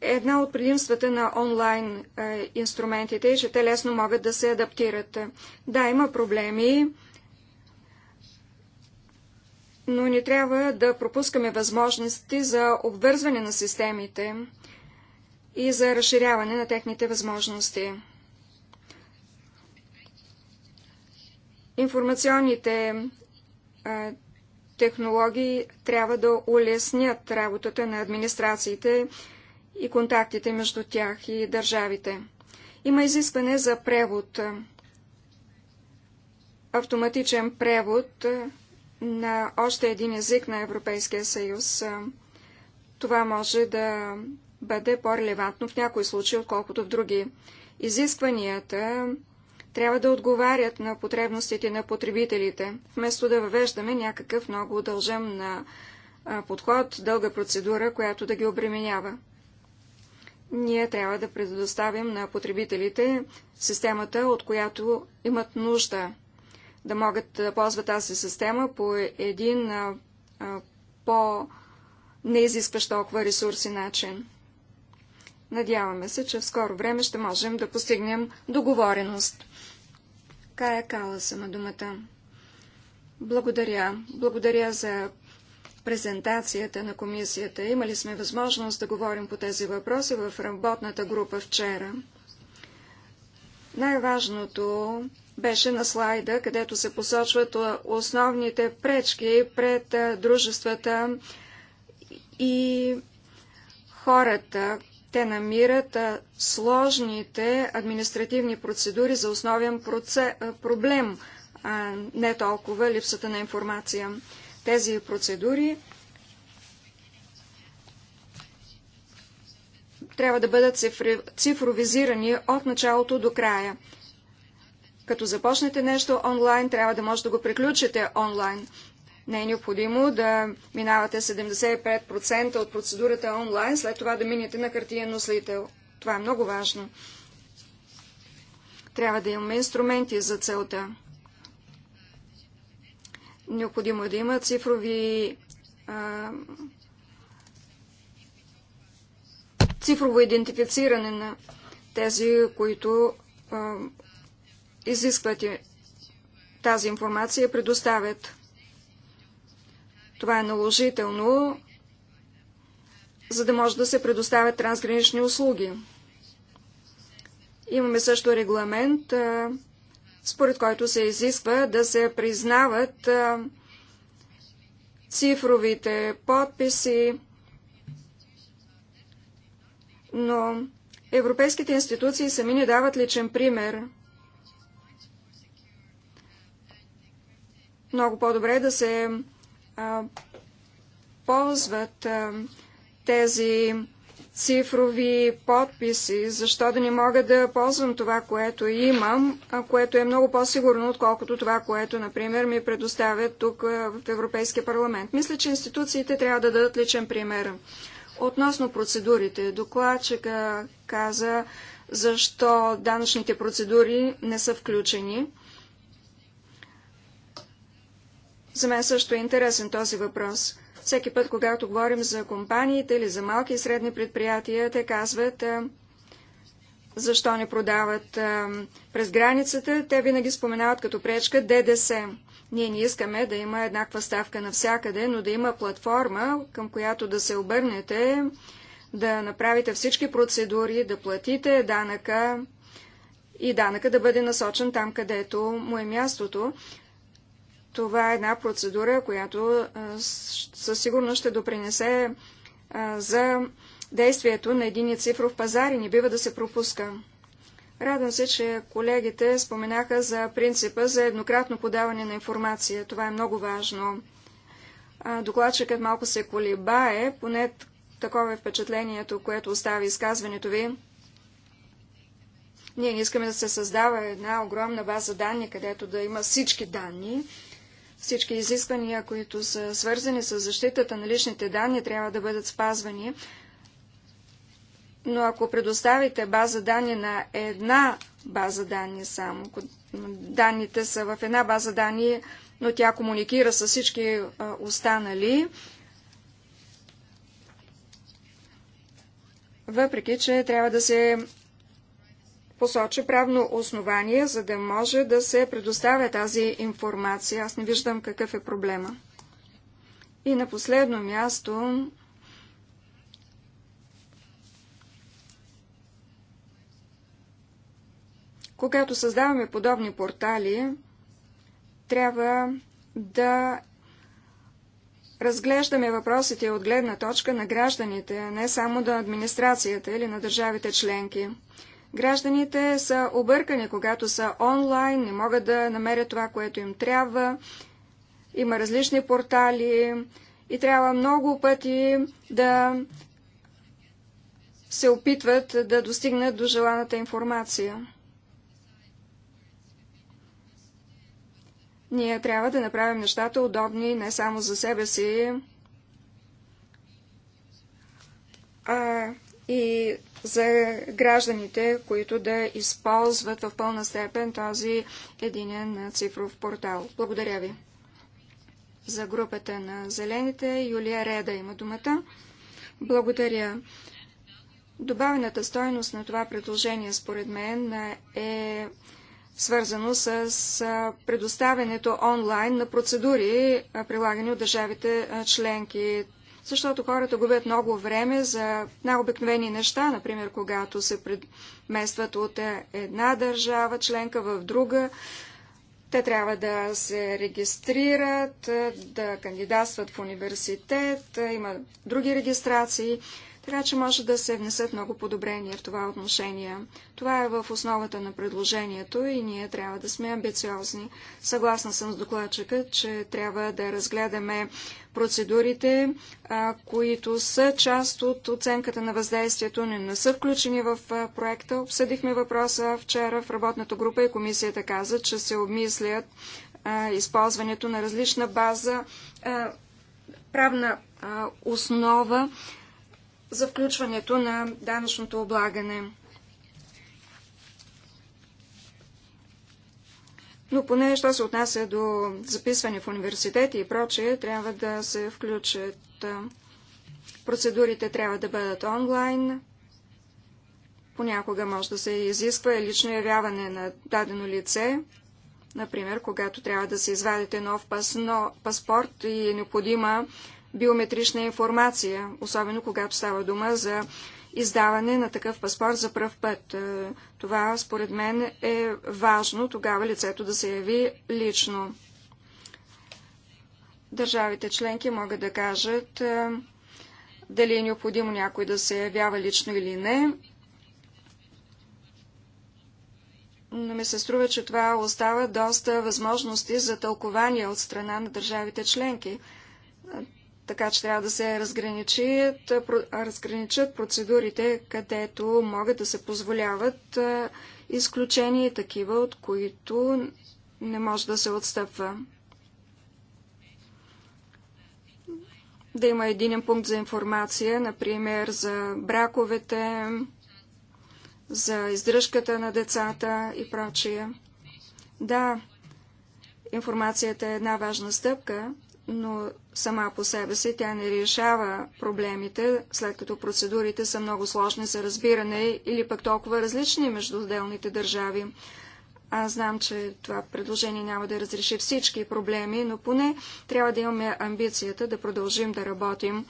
Една от предимствата на онлайн е, инструментите е, че те лесно могат да се адаптират. Да, има проблеми, но не трябва да пропускаме възможности за обвързване на системите и за разширяване на техните възможности. Информационните е, технологии трябва да улеснят работата на администрациите и контактите между тях и държавите. Има изискване за превод, е, автоматичен превод е, на още един език на Европейския съюз. Е, това може да бъде по-релевантно в някои случаи, отколкото в други. Изискванията трябва да отговарят на потребностите на потребителите, вместо да въвеждаме някакъв много удължен на подход, дълга процедура, която да ги обременява ние трябва да предоставим на потребителите системата, от която имат нужда, да могат да ползват тази система по един а, а, по неизискващ толкова ресурси начин. Надяваме се, че в скоро време ще можем да постигнем договореност. Кая Кала на думата. Благодаря. Благодаря за презентацията на комисията. Имали сме възможност да говорим по тези въпроси в работната група вчера. Най-важното беше на слайда, където се посочват основните пречки пред дружествата и хората. Те намират сложните административни процедури за основен проце... проблем, а не толкова липсата на информация тези процедури трябва да бъдат цифровизирани от началото до края. Като започнете нещо онлайн, трябва да може да го приключите онлайн. Не е необходимо да минавате 75% от процедурата онлайн, след това да минете на хартиен носител. Това е много важно. Трябва да имаме инструменти за целта. Необходимо е да има цифрови а, цифрово идентифициране на тези, които а, изискват тази информация и предоставят. Това е наложително, за да може да се предоставят трансгранични услуги. Имаме също регламент а, според който се изисква да се признават цифровите подписи, но европейските институции сами не дават личен пример. Много по-добре е да се а, ползват а, тези цифрови подписи, защо да не мога да ползвам това, което имам, а което е много по-сигурно, отколкото това, което, например, ми предоставят тук в Европейския парламент. Мисля, че институциите трябва да дадат личен пример. Относно процедурите, докладчика каза защо данъчните процедури не са включени. За мен също е интересен този въпрос. Всеки път, когато говорим за компаниите или за малки и средни предприятия, те казват защо не продават през границата. Те винаги споменават като пречка ДДС. Ние не искаме да има еднаква ставка навсякъде, но да има платформа, към която да се обърнете, да направите всички процедури, да платите данъка и данъка да бъде насочен там, където му е мястото. Това е една процедура, която със сигурност ще допринесе за действието на един цифров пазар и не бива да се пропуска. Радвам се, че колегите споменаха за принципа за еднократно подаване на информация. Това е много важно. Докладчикът малко се колебае, поне такова е впечатлението, което остави изказването ви. Ние не искаме да се създава една огромна база данни, където да има всички данни. Всички изисквания, които са свързани с защитата на личните данни, трябва да бъдат спазвани. Но ако предоставите база данни на една база данни само, данните са в една база данни, но тя комуникира с всички останали, въпреки че трябва да се посочи правно основание, за да може да се предоставя тази информация. Аз не виждам какъв е проблема. И на последно място Когато създаваме подобни портали, трябва да разглеждаме въпросите от гледна точка на гражданите, не само на администрацията или на държавите членки. Гражданите са объркани, когато са онлайн, не могат да намерят това, което им трябва. Има различни портали и трябва много пъти да се опитват да достигнат до желаната информация. Ние трябва да направим нещата удобни не само за себе си, а и за гражданите, които да използват в пълна степен този единен цифров портал. Благодаря ви. За групата на зелените Юлия Реда има думата. Благодаря. Добавената стойност на това предложение, според мен, е свързано с предоставянето онлайн на процедури, прилагани от държавите членки защото хората губят много време за най-обикновени неща, например, когато се предместват от е, една държава членка в друга. Те трябва да се регистрират, е, да кандидатстват в университет, е, има други регистрации. Така че може да се внесат много подобрения в това отношение. Това е в основата на предложението и ние трябва да сме амбициозни. Съгласна съм с докладчика, че трябва да разгледаме процедурите, които са част от оценката на въздействието, но не са включени в проекта. Обсъдихме въпроса вчера в работната група и комисията каза, че се обмислят използването на различна база, правна основа за включването на данъчното облагане. Но поне, що се отнася до записване в университети и прочее, трябва да се включат. Процедурите трябва да бъдат онлайн. Понякога може да се изисква и лично явяване на дадено лице. Например, когато трябва да се извадите нов паспорт и е необходима биометрична информация, особено когато става дума за издаване на такъв паспорт за пръв път. Е, това, според мен, е важно тогава лицето да се яви лично. Държавите членки могат да кажат е, дали е необходимо някой да се явява лично или не. но ми се струва, че това остава доста възможности за тълкование от страна на държавите членки. Така че трябва да се разграничат, разграничат процедурите, където могат да се позволяват изключения такива, от които не може да се отстъпва. Да има един пункт за информация, например за браковете, за издръжката на децата и прочие. Да, информацията е една важна стъпка, но сама по себе си, тя не решава проблемите, след като процедурите са много сложни за разбиране или пък толкова различни между отделните държави. Аз знам, че това предложение няма да разреши всички проблеми, но поне трябва да имаме амбицията да продължим да работим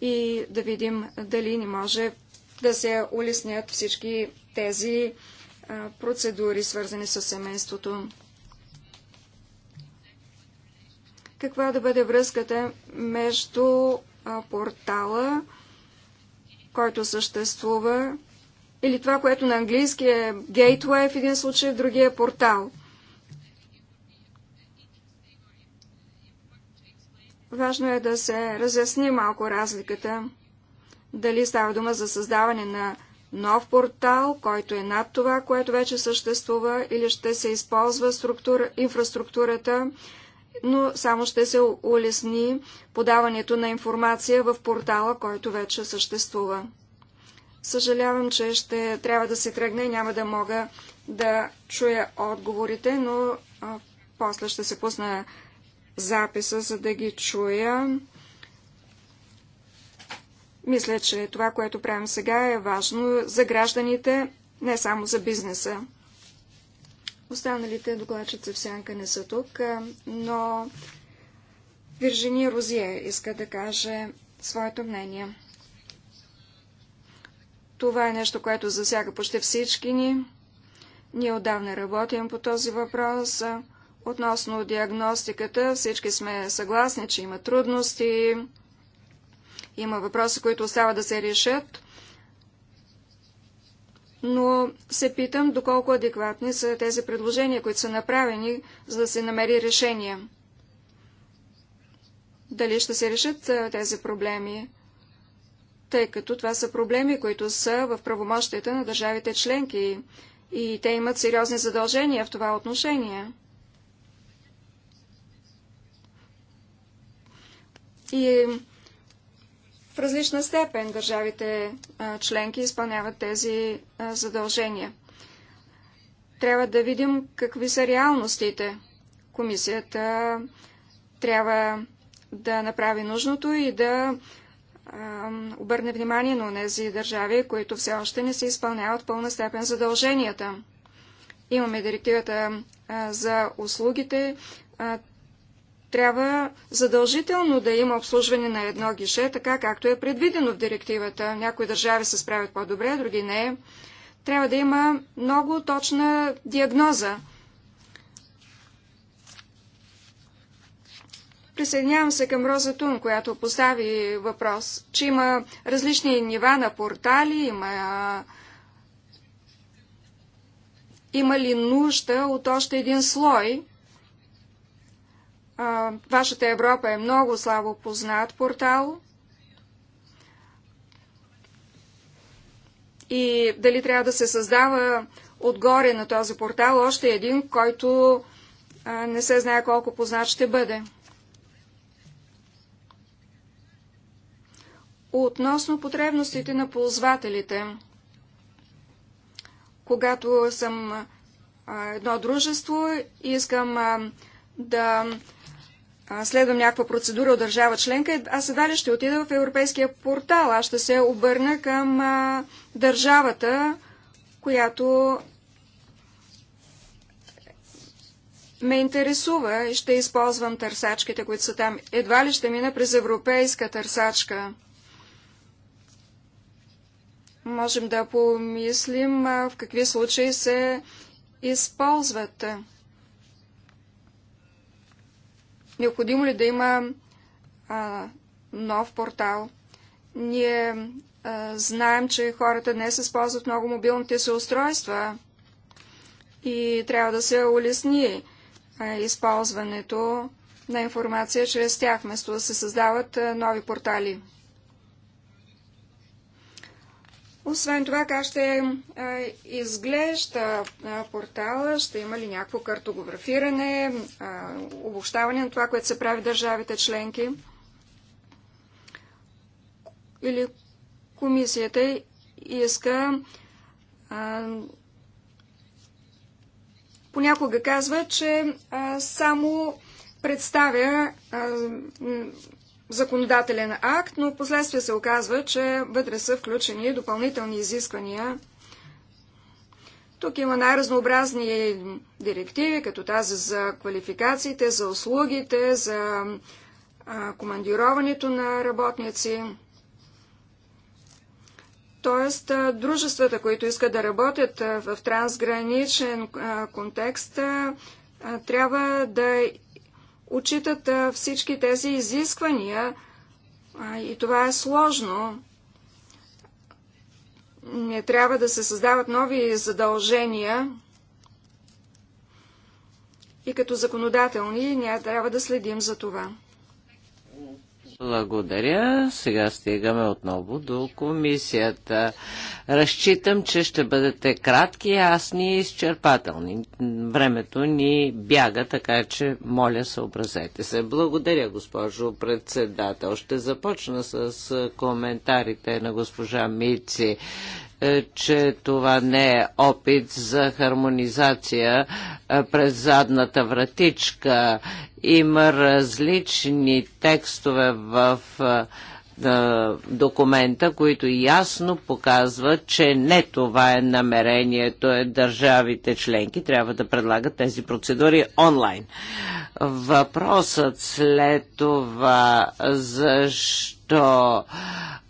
и да видим дали не може да се улеснят всички тези процедури, свързани с семейството. каква да бъде връзката между портала, който съществува, или това, което на английски е gateway в един случай, в другия е портал. Важно е да се разясни малко разликата. Дали става дума за създаване на нов портал, който е над това, което вече съществува, или ще се използва структура, инфраструктурата, но само ще се улесни подаването на информация в портала, който вече съществува. Съжалявам, че ще трябва да се тръгне и няма да мога да чуя отговорите, но а, после ще се пусна записа, за да ги чуя. Мисля, че това, което правим сега е важно за гражданите, не само за бизнеса. Останалите докладчици в сянка не са тук, но Виржини Розие иска да каже своето мнение. Това е нещо, което засяга почти всички ни. Ние отдавна работим по този въпрос. Относно диагностиката, всички сме съгласни, че има трудности, има въпроси, които остава да се решат но се питам доколко адекватни са тези предложения, които са направени, за да се намери решение. Дали ще се решат тези проблеми? Тъй като това са проблеми, които са в правомощията на държавите членки и те имат сериозни задължения в това отношение. И в различна степен държавите членки изпълняват тези задължения. Трябва да видим какви са реалностите. Комисията трябва да направи нужното и да обърне внимание на тези държави, които все още не се изпълняват пълна степен задълженията. Имаме директивата за услугите трябва задължително да има обслужване на едно гише, така както е предвидено в директивата. Някои държави се справят по-добре, други не. Трябва да има много точна диагноза. Присъединявам се към Роза Тун, която постави въпрос, че има различни нива на портали, има, има ли нужда от още един слой а, Вашата Европа е много слабо познат портал. И дали трябва да се създава отгоре на този портал още един, който а, не се знае колко познат ще бъде. Относно потребностите на ползвателите, когато съм а, едно дружество и искам а, да следвам някаква процедура от държава членка, аз сега ли ще отида в европейския портал, аз ще се обърна към а, държавата, която ме интересува и ще използвам търсачките, които са там. Едва ли ще мина през европейска търсачка. Можем да помислим а, в какви случаи се използват. Необходимо ли да има а, нов портал? Ние а, знаем, че хората днес използват много мобилните си устройства и трябва да се улесни а, използването на информация чрез тях, вместо да се създават а, нови портали. Освен това, как ще е, изглежда е, портала, ще има ли някакво картографиране, е, обобщаване на това, което се прави в държавите членки? Или комисията иска понякога казва, че само представя законодателен акт, но последствие се оказва, че вътре са включени допълнителни изисквания. Тук има най-разнообразни директиви, като тази за квалификациите, за услугите, за командироването на работници. Тоест, дружествата, които искат да работят в трансграничен контекст, трябва да отчитат всички тези изисквания и това е сложно. Не трябва да се създават нови задължения и като законодателни ние трябва да следим за това. Благодаря. Сега стигаме отново до комисията. Разчитам, че ще бъдете кратки, ясни и изчерпателни. Времето ни бяга, така че моля съобразете се. Благодаря, госпожо председател. Ще започна с коментарите на госпожа Мици. Е, че това не е опит за хармонизация е, през задната вратичка. Има различни текстове в е, е, документа, които ясно показват, че не това е намерението. Е държавите членки трябва да предлагат тези процедури онлайн. Въпросът след това защо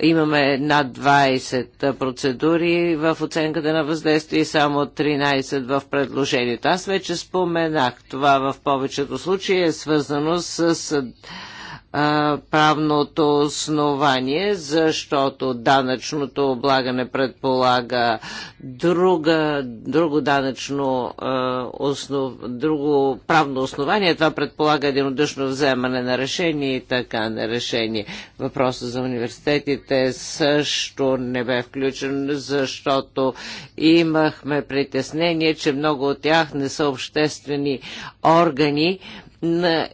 имаме над 20 процедури в оценката на въздействие и само 13 в предложението. Аз вече споменах това в повечето случаи е свързано с правното основание, защото данъчното облагане предполага друга, друго данъчно основ, друго правно основание. Това предполага единодушно вземане на решение и така на решение. Въпросът за университетите също не бе включен, защото имахме притеснение, че много от тях не са обществени органи,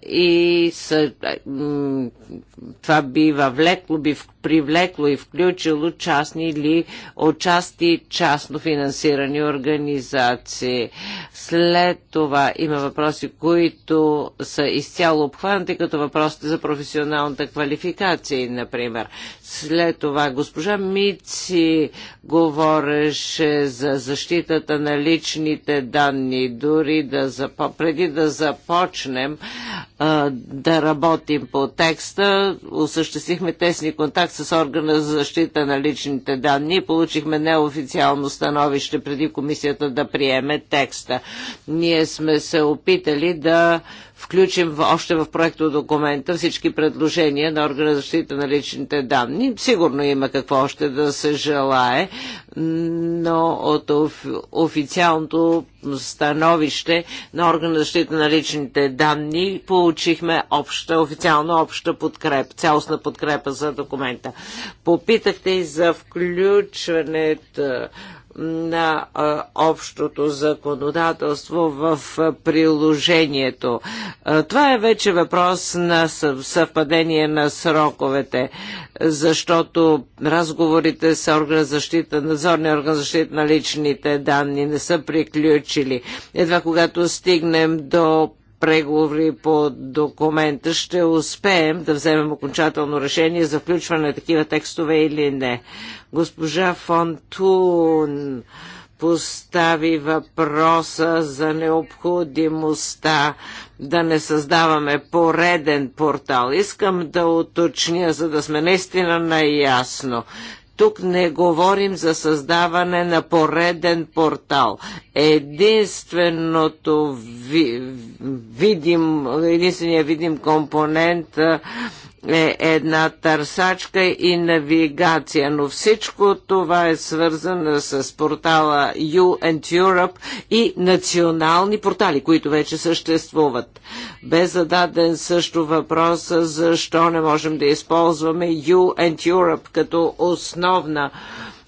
и са, това би въвлекло, би привлекло и включило частни или отчасти частно финансирани организации. След това има въпроси, които са изцяло обхванати, като въпросите за професионалната квалификация, например. След това госпожа Мици говореше за защитата на личните данни, дори да, преди да започнем да работим по текста. Осъществихме тесни контакт с органа за защита на личните данни. Получихме неофициално становище преди комисията да приеме текста. Ние сме се опитали да включим в, още в проекто документа всички предложения на органа за защита на личните данни. Сигурно има какво още да се желае, но от официалното становище на органа за защита на личните данни получихме обща, официално обща подкреп, цялостна подкрепа за документа. Попитахте и за включването на общото законодателство в приложението. Това е вече въпрос на съвпадение на сроковете, защото разговорите с орган защита, надзорния орган защита на личните данни не са приключили. Едва когато стигнем до преговори по документа ще успеем да вземем окончателно решение за включване на такива текстове или не. Госпожа Фонтун постави въпроса за необходимостта да не създаваме пореден портал. Искам да уточня, за да сме наистина наясно, тук не говорим за създаване на пореден портал. Единственото ви, видим, единствения видим компонент е една търсачка и навигация, но всичко това е свързано с портала You and Europe и национални портали, които вече съществуват. Бе зададен също въпроса защо не можем да използваме You and Europe като основна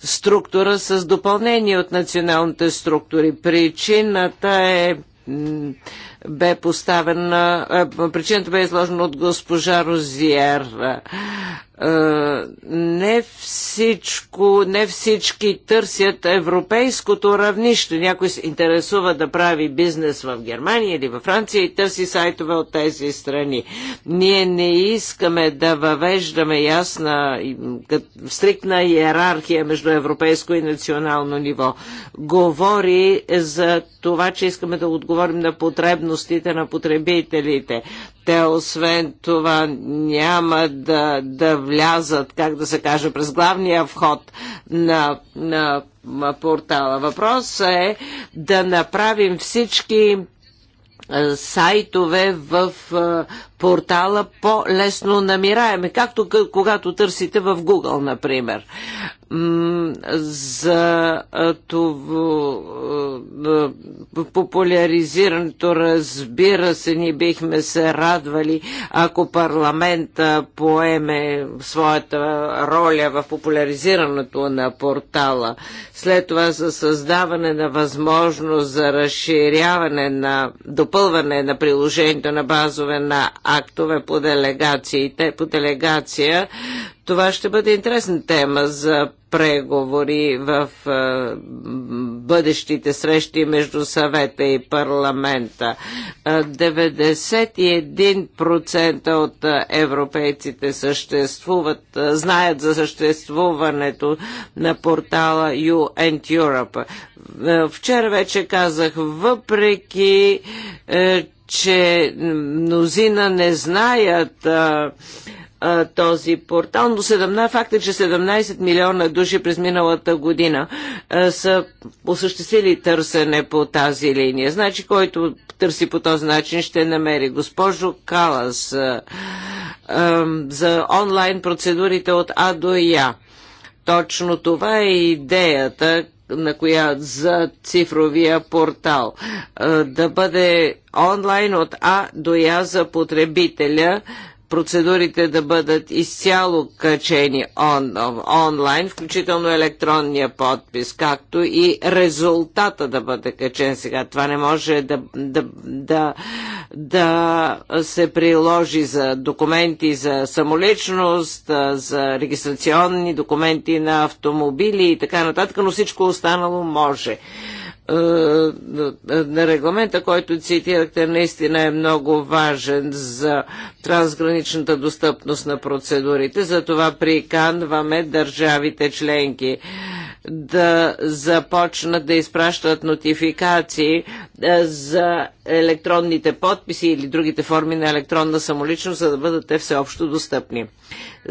структура с допълнение от националните структури. Причината е бе поставена, е, причината бе изложена от госпожа Розиер. Е, не всичко, не всички търсят европейското равнище. Някой се интересува да прави бизнес в Германия или във Франция и търси сайтове от тези страни. Ние не искаме да въвеждаме ясна, стрикна иерархия между европейско и национално ниво. Говори за това, че искаме да отговорим на потребност потребностите на потребителите. Те освен това няма да, да влязат, как да се каже, през главния вход на, на портала. Въпросът е да направим всички сайтове в портала по-лесно намираеме, както когато търсите в Google, например. За това, популяризирането, разбира се, ни бихме се радвали, ако парламента поеме своята роля в популяризирането на портала. След това за създаване на възможност за разширяване на допълване на приложението на базове на актове по делегациите, по делегация. Това ще бъде интересна тема за преговори в е, бъдещите срещи между съвета и парламента. 91% от европейците съществуват, знаят за съществуването на портала You and Europe. Вчера вече казах, въпреки е, че мнозина не знаят а, а, този портал, но 17, факт е, че 17 милиона души през миналата година а, са осъществили търсене по тази линия. Значи, който търси по този начин, ще намери. Госпожо Калас, а, а, за онлайн процедурите от А до Я. Точно това е идеята, на коя за цифровия портал. Е, да бъде онлайн от А до Я за потребителя, процедурите да бъдат изцяло качени он, онлайн, включително електронния подпис, както и резултата да бъде качен сега. Това не може да, да, да, да се приложи за документи за самоличност, за регистрационни документи на автомобили и така нататък, но всичко останало може на регламента, който цитирахте, наистина е много важен за трансграничната достъпност на процедурите. Затова приканваме държавите членки да започнат да изпращат нотификации е, за електронните подписи или другите форми на електронна самоличност, за да бъдат те всеобщо достъпни.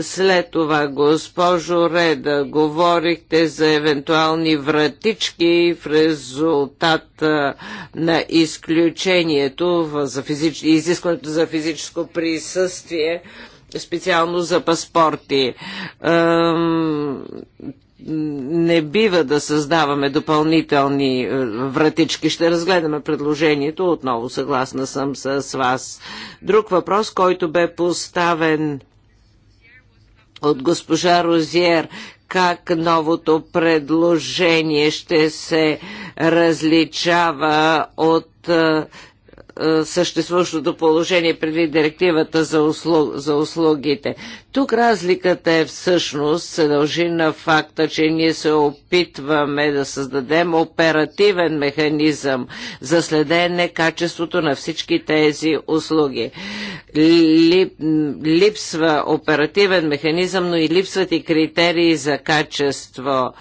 След това, госпожо Реда, говорихте за евентуални вратички в резултат е, на изключението за физич... изискването за физическо присъствие специално за паспорти не бива да създаваме допълнителни е, вратички. Ще разгледаме предложението. Отново съгласна съм с вас. Друг въпрос, който бе поставен от госпожа Розиер, как новото предложение ще се различава от е, е, съществуващото положение преди директивата за, услуг, за услугите. Тук разликата е всъщност се дължи на факта, че ние се опитваме да създадем оперативен механизъм за следене качеството на всички тези услуги. Лип, липсва оперативен механизъм, но и липсват и критерии за качество.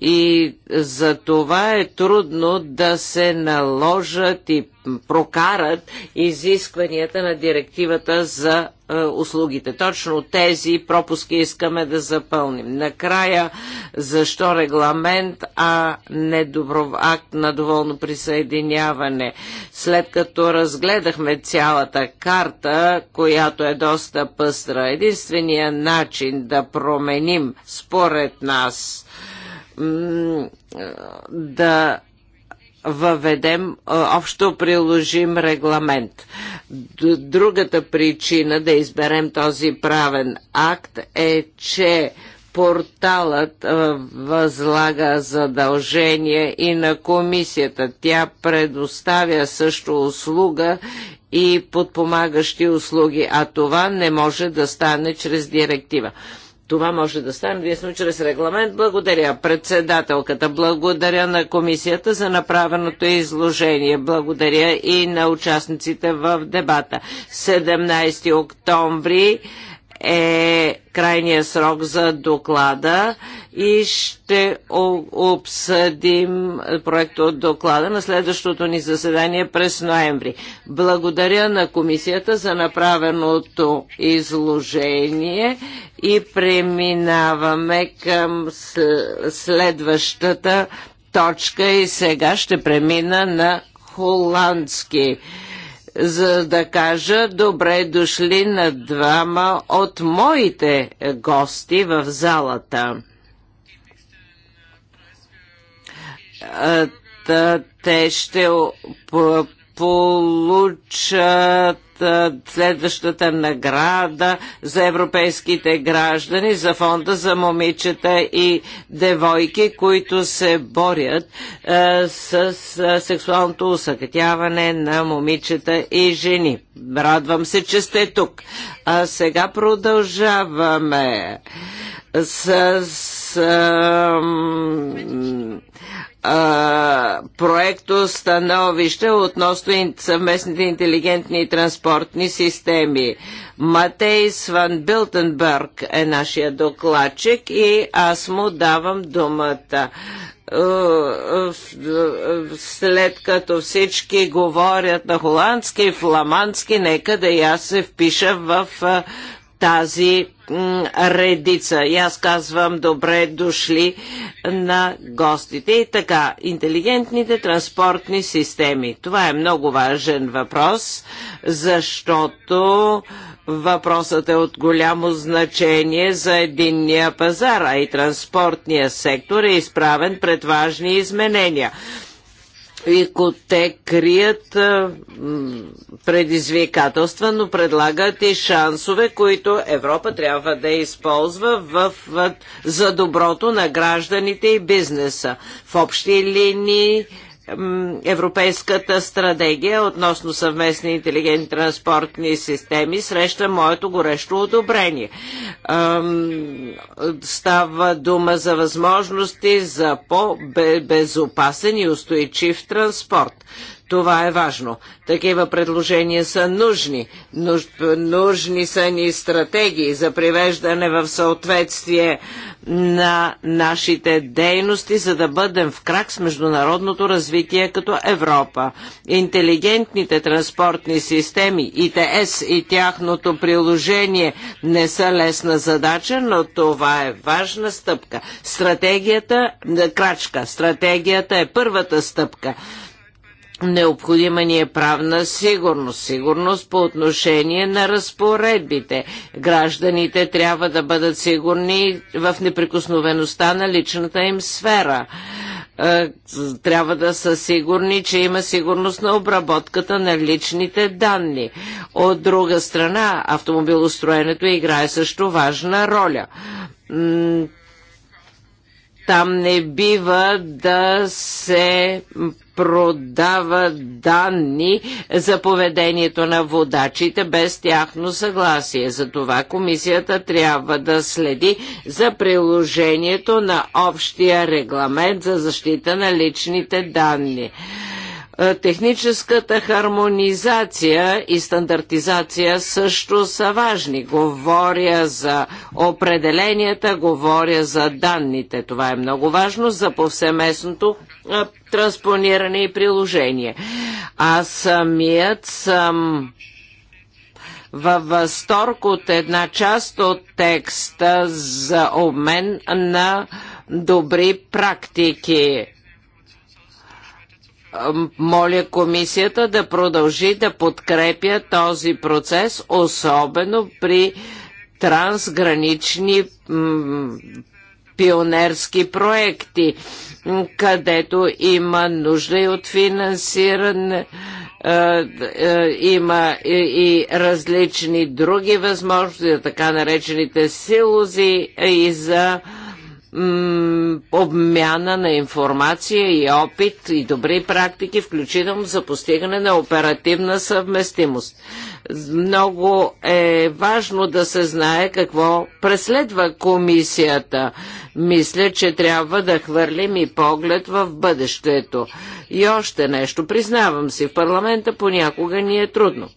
И за това е трудно да се наложат и прокарат изискванията на директивата за е, услугите. Точно тези пропуски искаме да запълним. Накрая, защо регламент, а не добров акт на доволно присъединяване? След като разгледахме цялата карта, която е доста пъстра, единствения начин да променим, според нас, е, да въведем общо приложим регламент. Другата причина да изберем този правен акт е, че порталът възлага задължение и на комисията. Тя предоставя също услуга и подпомагащи услуги, а това не може да стане чрез директива. Това може да стане единствено чрез регламент. Благодаря председателката, благодаря на комисията за направеното изложение, благодаря и на участниците в дебата. 17 октомври е крайния срок за доклада и ще обсъдим проекта от доклада на следващото ни заседание през ноември. Благодаря на комисията за направеното изложение и преминаваме към следващата точка и сега ще премина на холандски за да кажа добре дошли на двама от моите гости в залата. Те ще получат следващата награда за европейските граждани, за фонда за момичета и девойки, които се борят с, с сексуалното усъкътяване на момичета и жени. Радвам се, че сте тук. А сега продължаваме с, с проекто становище относно съвместните интелигентни и транспортни системи. Матей Сван Билтенбърг е нашия докладчик и аз му давам думата. Е, е, след като всички говорят на холандски и фламандски, нека да и аз се впиша в е, тази редица. И аз казвам добре дошли на гостите. И така, интелигентните транспортни системи. Това е много важен въпрос, защото въпросът е от голямо значение за единния пазар, а и транспортния сектор е изправен пред важни изменения и ако те крият предизвикателства, но предлагат и шансове, които Европа трябва да използва в, в, за доброто на гражданите и бизнеса. В общи линии Европейската стратегия относно съвместни интелигентни транспортни системи среща моето горещо одобрение. Става дума за възможности за по-безопасен и устойчив транспорт. Това е важно. Такива предложения са нужни. Нуж, нужни са ни стратегии за привеждане в съответствие на нашите дейности, за да бъдем в крак с международното развитие като Европа. Интелигентните транспортни системи, ИТС и тяхното приложение не са лесна задача, но това е важна стъпка. Стратегията, е крачка, стратегията е първата стъпка. Необходима ни е правна сигурност, сигурност по отношение на разпоредбите. Гражданите трябва да бъдат сигурни в неприкосновеността на личната им сфера. Е, трябва да са сигурни, че има сигурност на обработката на личните данни. От друга страна, автомобилостроенето играе също важна роля там не бива да се продава данни за поведението на водачите без тяхно съгласие. Затова комисията трябва да следи за приложението на общия регламент за защита на личните данни. Е, техническата хармонизация и стандартизация също са важни. Говоря за определенията, говоря за данните. Това е много важно за повсеместното е, транспониране и приложение. Аз самият съм във възторг от една част от текста за обмен на добри практики моля комисията да продължи да подкрепя този процес, особено при трансгранични пионерски проекти, където има нужда и от финансиране, има и различни други възможности, така наречените силози и за обмяна на информация и опит и добри практики, включително за постигане на оперативна съвместимост. Много е важно да се знае какво преследва комисията. Мисля, че трябва да хвърлим и поглед в бъдещето. И още нещо, признавам си, в парламента понякога ни е трудно.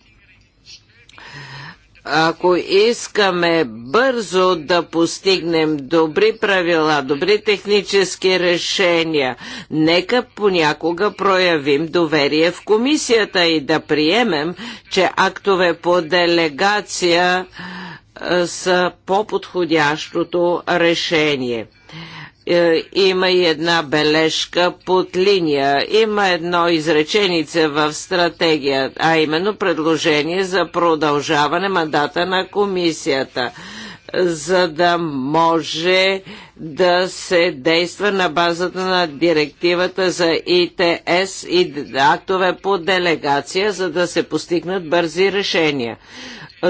Ако искаме бързо да постигнем добри правила, добри технически решения, нека понякога проявим доверие в комисията и да приемем, че актове по делегация са по-подходящото решение. Е, има и една бележка под линия. Има едно изреченице в стратегия, а именно предложение за продължаване мандата на комисията, за да може да се действа на базата на директивата за ИТС и актове по делегация, за да се постигнат бързи решения.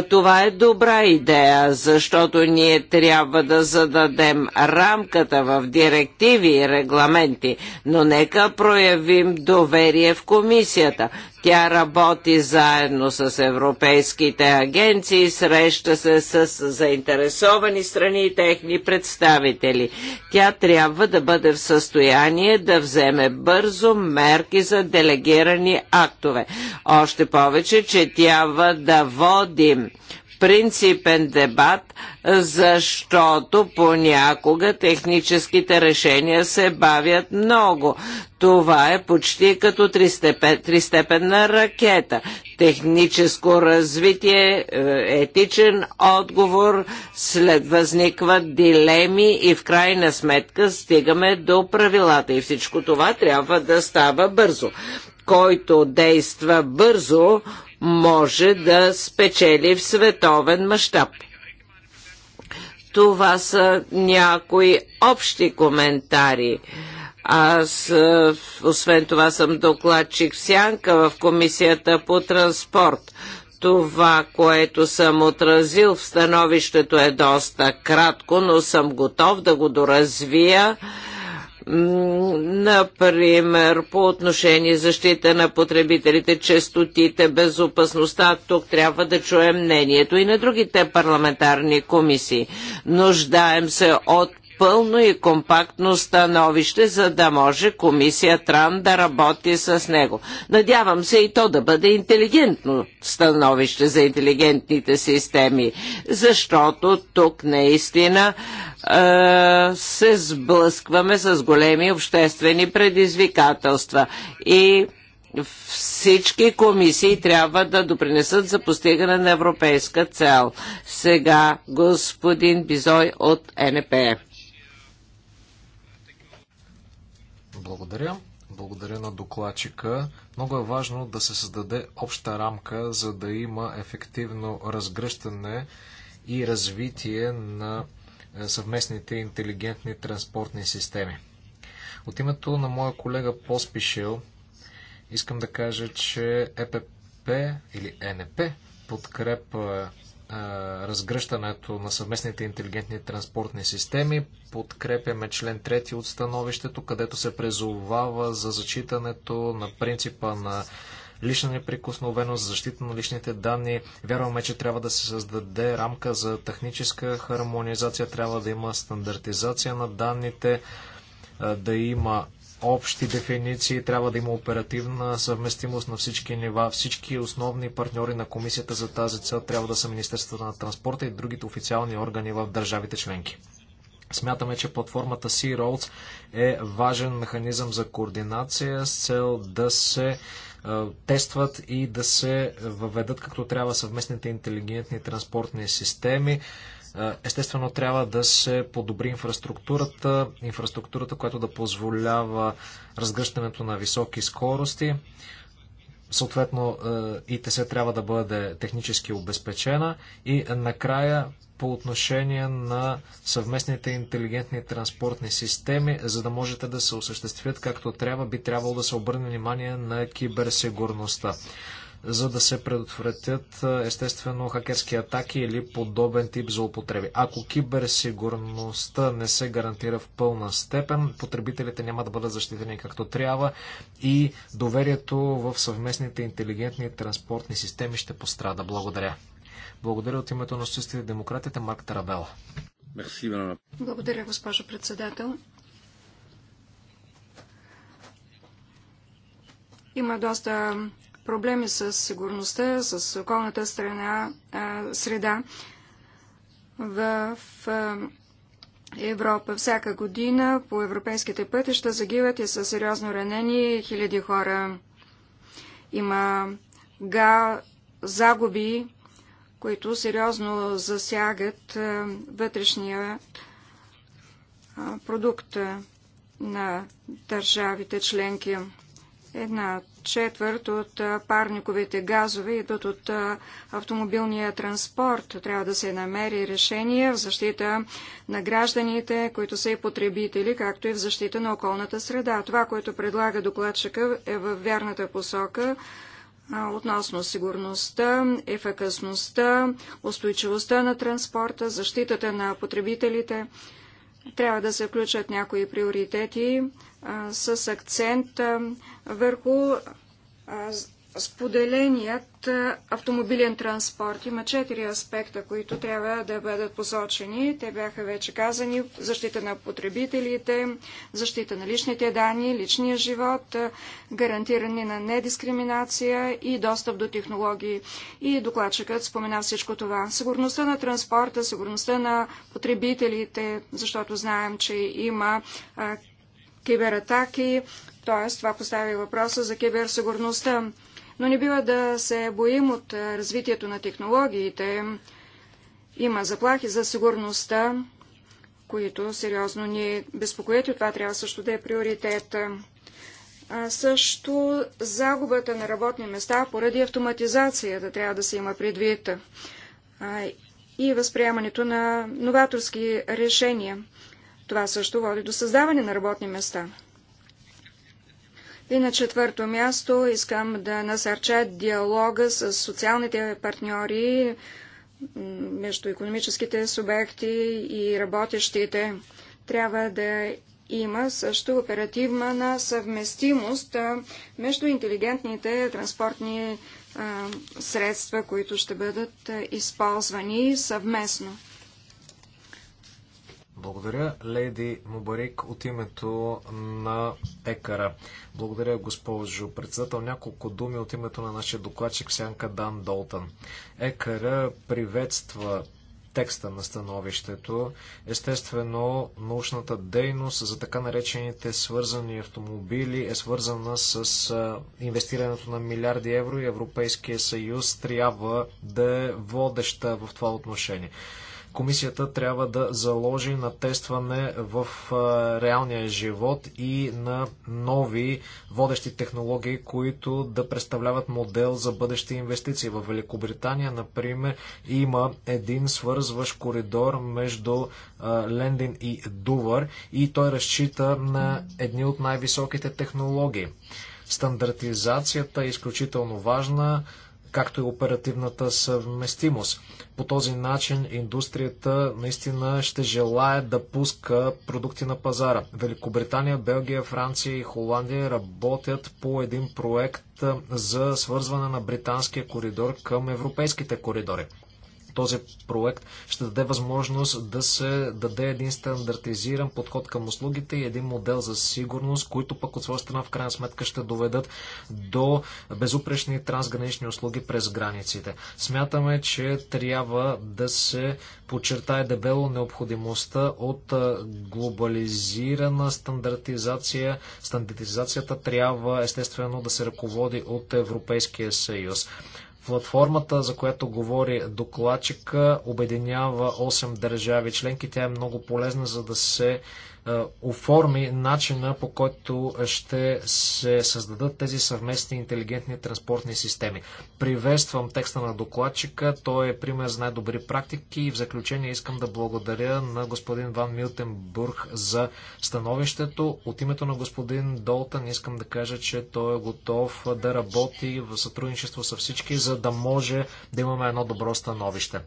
Това е добра идея, защото ние трябва да зададем рамката в директиви и регламенти, но нека проявим доверие в комисията. Тя работи заедно с европейските агенции, среща се с заинтересовани страни и техни представители. Тя трябва да бъде в състояние да вземе бързо мерки за делегирани актове. Още повече, че трябва да водим принципен дебат, защото понякога техническите решения се бавят много. Това е почти като тристепенна ракета. Техническо развитие, е, етичен отговор, след възникват дилеми и в крайна сметка стигаме до правилата. И всичко това трябва да става бързо който действа бързо, може да спечели в световен мащаб. Това са някои общи коментари. Аз, е, освен това, съм докладчик Сянка в Комисията по транспорт. Това, което съм отразил в становището е доста кратко, но съм готов да го доразвия Например, по отношение защита на потребителите, честотите, безопасността, тук трябва да чуем мнението и на другите парламентарни комисии. Нуждаем се от пълно и компактно становище, за да може комисия Тран да работи с него. Надявам се и то да бъде интелигентно становище за интелигентните системи, защото тук наистина е, се сблъскваме с големи обществени предизвикателства и всички комисии трябва да допринесат за постигане на европейска цел. Сега господин Бизой от НПЕ. Благодаря. Благодаря на докладчика. Много е важно да се създаде обща рамка, за да има ефективно разгръщане и развитие на е, съвместните интелигентни транспортни системи. От името на моя колега Поспишил искам да кажа, че ЕПП или е НП подкрепа разгръщането на съвместните интелигентни транспортни системи. Подкрепяме член 3 от становището, където се презовава за зачитането на принципа на лична неприкосновеност, защита на личните данни. Вярваме, че трябва да се създаде рамка за техническа хармонизация, трябва да има стандартизация на данните, да има общи дефиниции, трябва да има оперативна съвместимост на всички нива. Всички основни партньори на комисията за тази цел трябва да са Министерството на транспорта и другите официални органи в държавите членки. Смятаме, че платформата Sea Roads е важен механизъм за координация с цел да се е, тестват и да се въведат както трябва съвместните интелигентни транспортни системи. Е, естествено, трябва да се подобри инфраструктурата, инфраструктурата, която да позволява разгръщането на високи скорости. Съответно, е, ИТС трябва да бъде технически обезпечена. И накрая, по отношение на съвместните интелигентни транспортни системи, за да можете да се осъществят както трябва, би трябвало да се обърне внимание на киберсигурността за да се предотвратят естествено хакерски атаки или подобен тип злоупотреби. Ако киберсигурността не се гарантира в пълна степен, потребителите няма да бъдат защитени както трябва и доверието в съвместните интелигентни транспортни системи ще пострада. Благодаря. Благодаря от името на Социалистите демократите Марк Тарабел. Благодаря, госпожо председател. Има доста проблеми с сигурността, с околната страна, среда в Европа. Всяка година по европейските пътища загиват и са сериозно ранени хиляди хора. Има га, загуби, които сериозно засягат вътрешния продукт на държавите членки. Една от четвърт от парниковите газове идват от автомобилния транспорт. Трябва да се намери решение в защита на гражданите, които са и потребители, както и в защита на околната среда. Това, което предлага докладчика е в вярната посока относно сигурността, ефекасността, устойчивостта на транспорта, защитата на потребителите. Трябва да се включат някои приоритети, с акцент върху споделеният автомобилен транспорт. Има четири аспекта, които трябва да бъдат посочени. Те бяха вече казани. Защита на потребителите, защита на личните данни, личния живот, гарантиране на недискриминация и достъп до технологии. И докладчикът спомена всичко това. Сигурността на транспорта, сигурността на потребителите, защото знаем, че има кибератаки, т.е. това поставя въпроса за киберсигурността. Но не бива да се боим от развитието на технологиите. Има заплахи за сигурността, които сериозно ни безпокоят и това трябва също да е приоритет. А също загубата на работни места поради автоматизацията да трябва да се има предвид а, и възприемането на новаторски решения. Това също води до създаване на работни места. И на четвърто място искам да насърча диалога с социалните партньори, между економическите субекти и работещите. Трябва да има също оперативна на съвместимост между интелигентните транспортни средства, които ще бъдат използвани съвместно. Благодаря, леди Мубарик, от името на Екара. Благодаря, госпожо председател. Няколко думи от името на нашия докладчик Сянка Дан Долтън. Екара приветства текста на становището. Естествено, научната дейност за така наречените свързани автомобили е свързана с инвестирането на милиарди евро и Европейския съюз трябва да е водеща в това отношение комисията трябва да заложи на тестване в реалния живот и на нови водещи технологии, които да представляват модел за бъдещи инвестиции. В Великобритания, например, има един свързващ коридор между Лендин и Дувър и той разчита на едни от най-високите технологии. Стандартизацията е изключително важна както и оперативната съвместимост. По този начин индустрията наистина ще желая да пуска продукти на пазара. Великобритания, Белгия, Франция и Холандия работят по един проект за свързване на британския коридор към европейските коридори този проект ще даде възможност да се даде един стандартизиран подход към услугите и един модел за сигурност, които пък от своя страна в крайна сметка ще доведат до безупречни трансгранични услуги през границите. Смятаме, че трябва да се подчертае дебело необходимостта от глобализирана стандартизация. Стандартизацията трябва естествено да се ръководи от Европейския съюз. Платформата, за която говори докладчика, обединява 8 държави членки. Тя е много полезна, за да се е, оформи начина по който ще се създадат тези съвместни интелигентни транспортни системи. Приветствам текста на докладчика, той е пример за най-добри практики и в заключение искам да благодаря на господин Ван Милтенбург за становището. От името на господин Долтан искам да кажа, че той е готов да работи в сътрудничество с всички, за да може да имаме едно добро становище.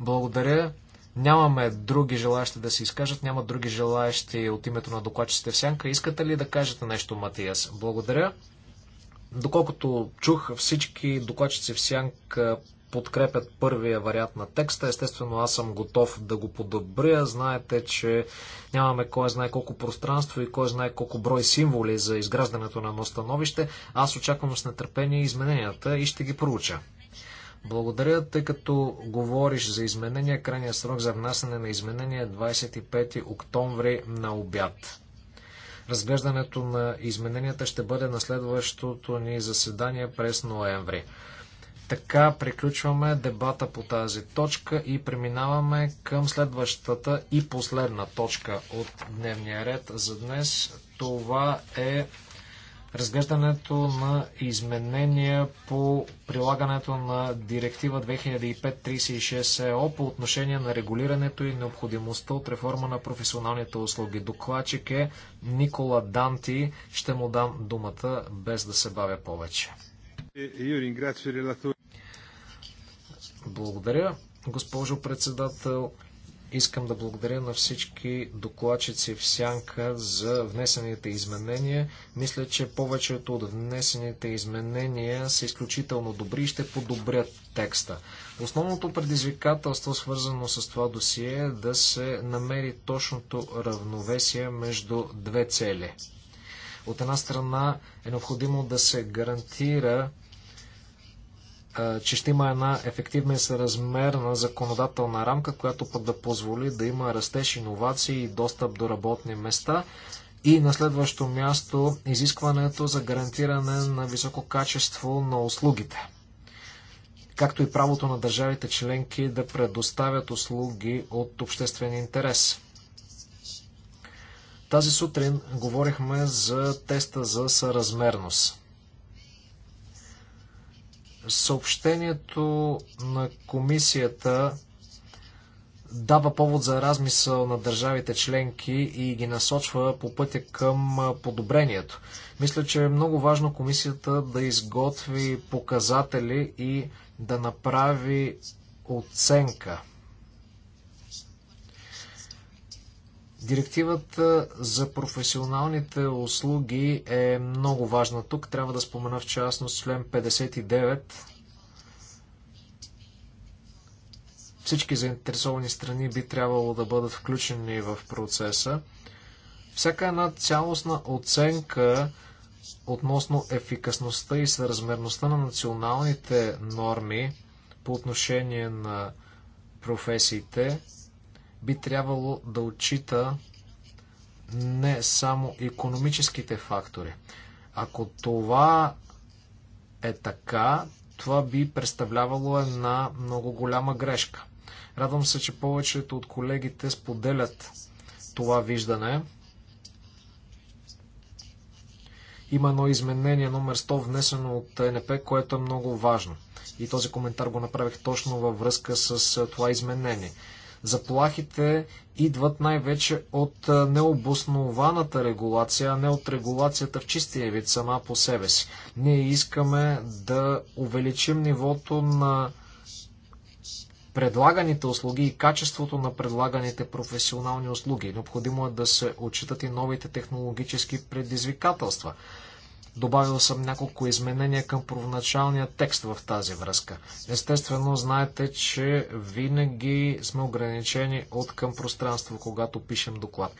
Благодаря Нямаме други желаящи да се изкажат, няма други желаящи от името на докладчите в сянка. Искате ли да кажете нещо, Матиас? Благодаря. Доколкото чух, всички докладчици в сянка подкрепят първия вариант на текста. Естествено, аз съм готов да го подобря. Знаете, че нямаме кой знае колко пространство и кой знае колко брой символи за изграждането на едно становище. Аз очаквам с нетърпение измененията и ще ги проуча. Благодаря, тъй като говориш за изменения. крайния срок за внасяне на изменения е 25 октомври на обяд. Разглеждането на измененията ще бъде на следващото ни заседание през ноември. Така приключваме дебата по тази точка и преминаваме към следващата и последна точка от дневния ред за днес. Това е разглеждането на изменения по прилагането на директива 2005-36-ЕО е по отношение на регулирането и необходимостта от реформа на професионалните услуги. Докладчик е Никола Данти. Ще му дам думата без да се бавя повече. Благодаря, госпожо председател. Искам да благодаря на всички докладчици в сянка за внесените изменения. Мисля, че повечето от внесените изменения са изключително добри и ще подобрят текста. Основното предизвикателство, свързано с това досие, е да се намери точното равновесие между две цели. От една страна е необходимо да се гарантира че ще има една ефективна и съразмерна законодателна рамка, която пък да позволи да има растеж, иновации и достъп до работни места. И на следващо място изискването за гарантиране на високо качество на услугите както и правото на държавите членки да предоставят услуги от обществен интерес. Тази сутрин говорихме за теста за съразмерност. Съобщението на комисията дава повод за размисъл на държавите членки и ги насочва по пътя към подобрението. Мисля, че е много важно комисията да изготви показатели и да направи оценка Директивата за професионалните услуги е много важна тук. Трябва да спомена в частност член 59. Всички заинтересовани страни би трябвало да бъдат включени в процеса. Всяка една цялостна оценка относно ефикасността и съразмерността на националните норми по отношение на професиите би трябвало да отчита не само економическите фактори. Ако това е така, това би представлявало една много голяма грешка. Радвам се, че повечето от колегите споделят това виждане. Има едно изменение номер 100, внесено от НП, което е много важно. И този коментар го направих точно във връзка с това изменение. Заплахите идват най-вече от необоснованата регулация, а не от регулацията в чистия вид сама по себе си. Ние искаме да увеличим нивото на предлаганите услуги и качеството на предлаганите професионални услуги. Необходимо е да се отчитат и новите технологически предизвикателства. Добавил съм няколко изменения към първоначалния текст в тази връзка. Естествено, знаете, че винаги сме ограничени от към пространство, когато пишем доклад.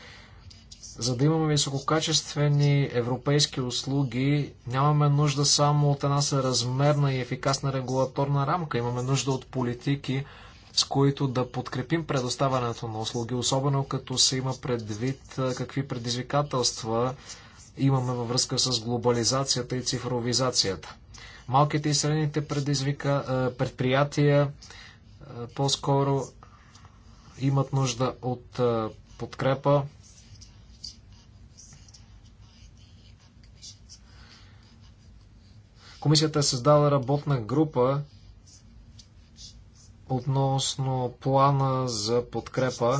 За да имаме висококачествени европейски услуги, нямаме нужда само от една съразмерна и ефикасна регулаторна рамка. Имаме нужда от политики, с които да подкрепим предоставянето на услуги, особено като се има предвид какви предизвикателства имаме във връзка с глобализацията и цифровизацията. Малките и средните предизвика, е, предприятия е, по-скоро имат нужда от е, подкрепа. Комисията е създала работна група относно плана за подкрепа.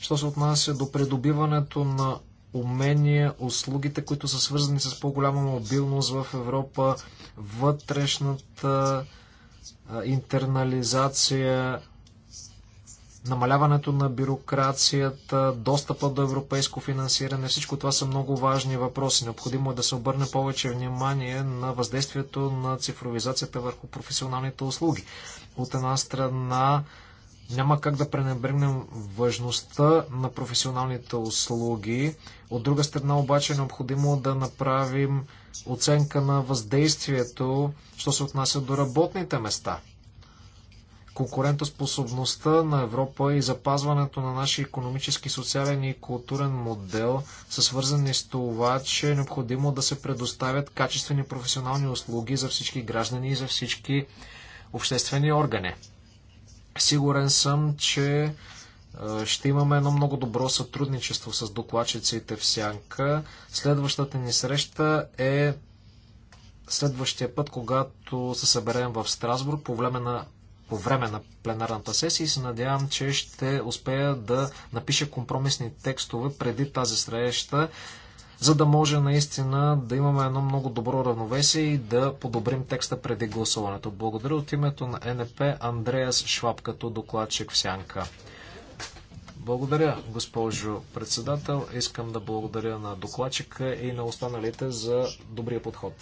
Що се отнася до придобиването на умения, услугите, които са свързани с по-голяма мобилност в Европа, вътрешната интернализация, намаляването на бюрокрацията, достъпа до европейско финансиране, всичко това са много важни въпроси. Необходимо е да се обърне повече внимание на въздействието на цифровизацията върху професионалните услуги. От една страна, няма как да пренебрегнем важността на професионалните услуги. От друга страна обаче е необходимо да направим оценка на въздействието, що се отнася до работните места. Конкурентоспособността на Европа и запазването на нашия економически, социален и културен модел са свързани с това, че е необходимо да се предоставят качествени професионални услуги за всички граждани и за всички обществени органи. Сигурен съм, че ще имаме едно много добро сътрудничество с докладчиците в Сянка. Следващата ни среща е следващия път, когато се съберем в Страсбург по време на по време на пленарната сесия и се надявам, че ще успея да напиша компромисни текстове преди тази среща, за да може наистина да имаме едно много добро равновесие и да подобрим текста преди гласуването. Благодаря от името на НП Андреас Шваб като докладчик в Сянка. Благодаря, госпожо председател. Искам да благодаря на докладчика и на останалите за добрия подход.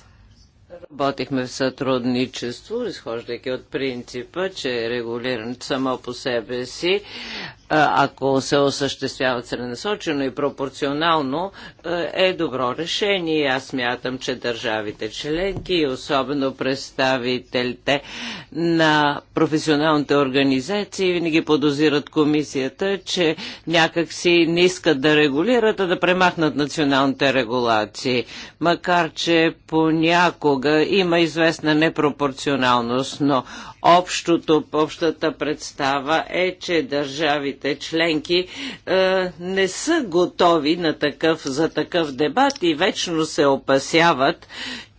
Работихме в сътрудничество, изхождайки от принципа, че е регулиран само по себе си ако се осъществява целенасочено и пропорционално, е добро решение. Аз мятам, че държавите членки и особено представителите на професионалните организации винаги подозират комисията, че някакси не искат да регулират, а да премахнат националните регулации. Макар, че понякога има известна непропорционалност, но общото, общата представа е, че държавите държавите членки е, не са готови на такъв, за такъв дебат и вечно се опасяват,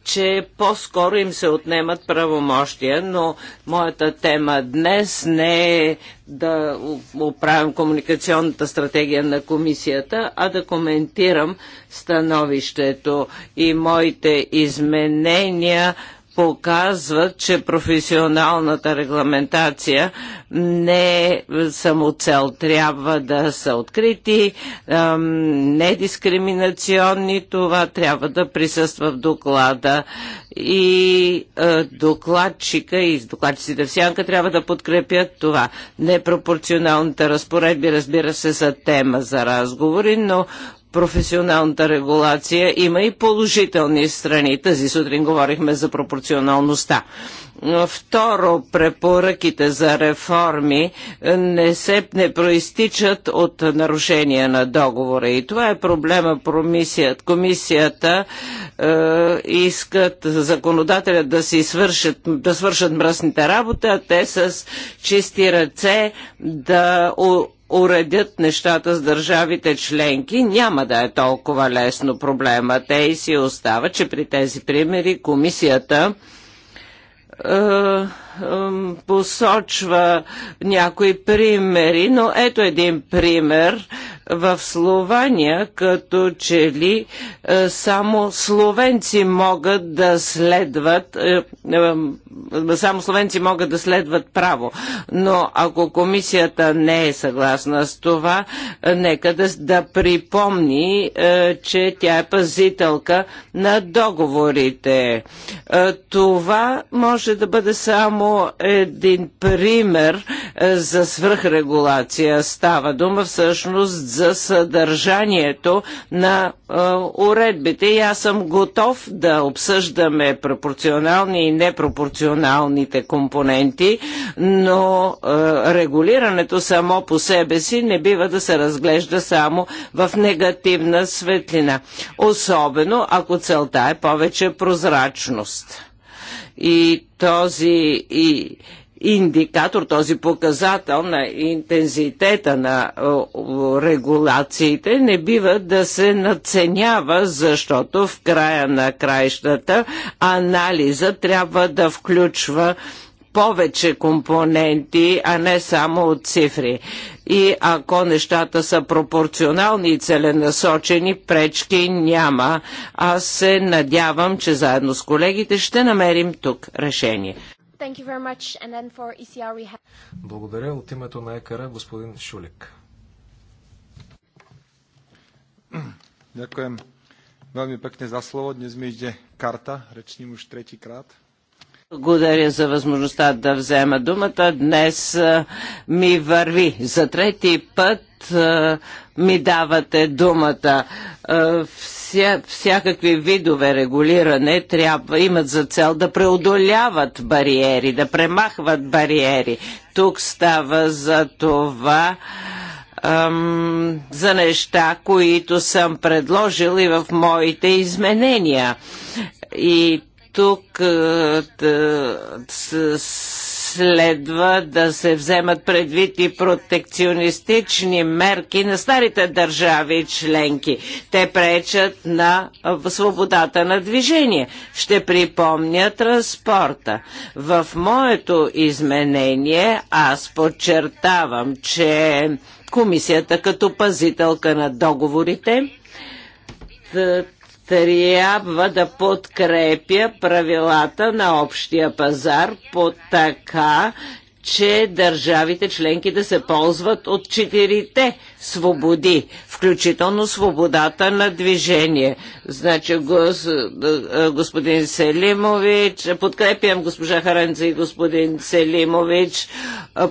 че по-скоро им се отнемат правомощия, но моята тема днес не е да оправям комуникационната стратегия на комисията, а да коментирам становището и моите изменения – показват, че професионалната регламентация не е само цел. Трябва да са открити, недискриминационни, това трябва да присъства в доклада и докладчика и докладчиците в сянка трябва да подкрепят това. Непропорционалните разпоредби, разбира се, са тема за разговори, но професионалната регулация има и положителни страни. Тази сутрин говорихме за пропорционалността. Второ, препоръките за реформи е, не се не проистичат от нарушения на договора. И това е проблема. Промисият. Комисията е, искат законодателя да си свършат, да свършат мръсните работа, а те с чисти ръце да уредят нещата с държавите членки, няма да е толкова лесно проблема. Те и си остава, че при тези примери комисията е, посочва някои примери, но ето един пример в Слования, като че ли само словенци могат да следват, само словенци могат да следват право. Но ако комисията не е съгласна с това, нека да, да припомни, че тя е пазителка на договорите. Това може да бъде само един пример е, за свръхрегулация. Става дума всъщност за съдържанието на е, уредбите и аз съм готов да обсъждаме пропорционални и непропорционалните компоненти, но е, регулирането само по себе си не бива да се разглежда само в негативна светлина. Особено ако целта е повече прозрачност. И този и индикатор, този показател на интензитета на регулациите не бива да се наценява, защото в края на краищата анализа трябва да включва повече компоненти, а не само от цифри. И ако нещата са пропорционални и целенасочени, пречки няма. Аз се надявам, че заедно с колегите ще намерим тук решение. Have... Благодаря. От името на ЕКР господин Шулик. Ďakujem veľmi pekne za slovo. Dnes mi ide karta, rečním už tretíkrát. Благодаря за възможността да взема думата. Днес ми върви. За трети път ми давате думата. Вся, всякакви видове регулиране трябва, имат за цел да преодоляват бариери, да премахват бариери. Тук става за това за неща, които съм предложил и в моите изменения. И тук следва да се вземат предвид и протекционистични мерки на старите държави членки. Те пречат на свободата на движение. Ще припомня транспорта. В моето изменение аз подчертавам, че комисията като пазителка на договорите трябва да подкрепя правилата на общия пазар по така че държавите членки да се ползват от четирите свободи, включително свободата на движение. Значи, гос, господин Селимович, подкрепям госпожа Харанца и господин Селимович,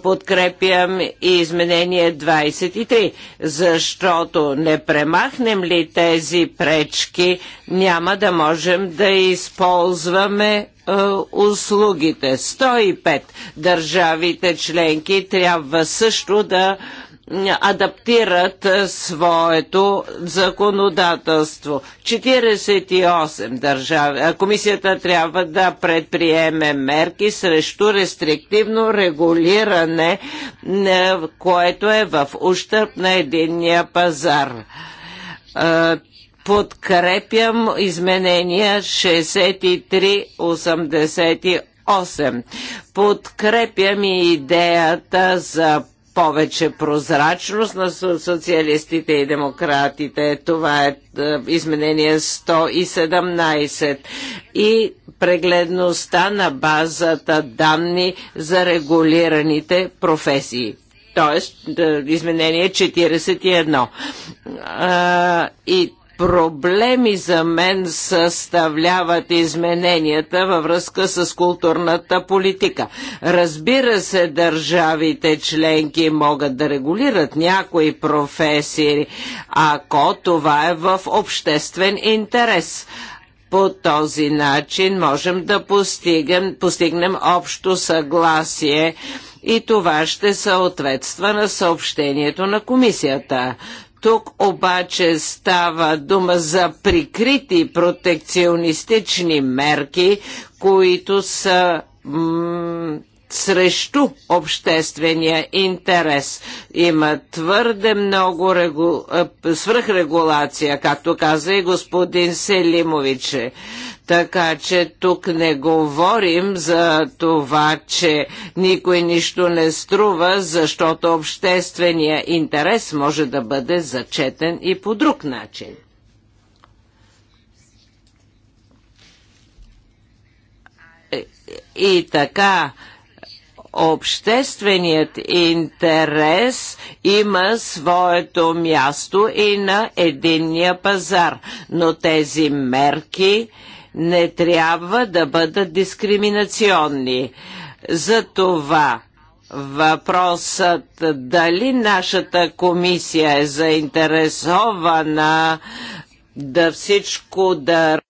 подкрепям и изменение 23, защото не премахнем ли тези пречки, няма да можем да използваме е, услугите. 105 държавите членки трябва също да адаптират е, своето законодателство. 48 държави. Е, комисията трябва да предприеме мерки срещу рестриктивно регулиране, което е в ущърп на единния пазар Подкрепям изменения 63-88. Подкрепям и идеята за повече прозрачност на социалистите и демократите. Това е, е изменение 117 и прегледността на базата данни за регулираните професии. Тоест, е, изменение 41. и проблеми за мен съставляват измененията във връзка с културната политика. Разбира се, държавите членки могат да регулират някои професии, ако това е в обществен интерес. По този начин можем да постигнем, постигнем общо съгласие и това ще съответства на съобщението на комисията. Тук обаче става дума за прикрити протекционистични мерки, които са срещу обществения интерес. Има твърде много регу... свръхрегулация, както каза и господин Селимовиче. Така че тук не говорим за това, че никой нищо не струва, защото обществения интерес може да бъде зачетен и по друг начин. И така, общественият интерес има своето място и на единния пазар, но тези мерки не трябва да бъдат дискриминационни. Затова въпросът дали нашата комисия е заинтересована да всичко да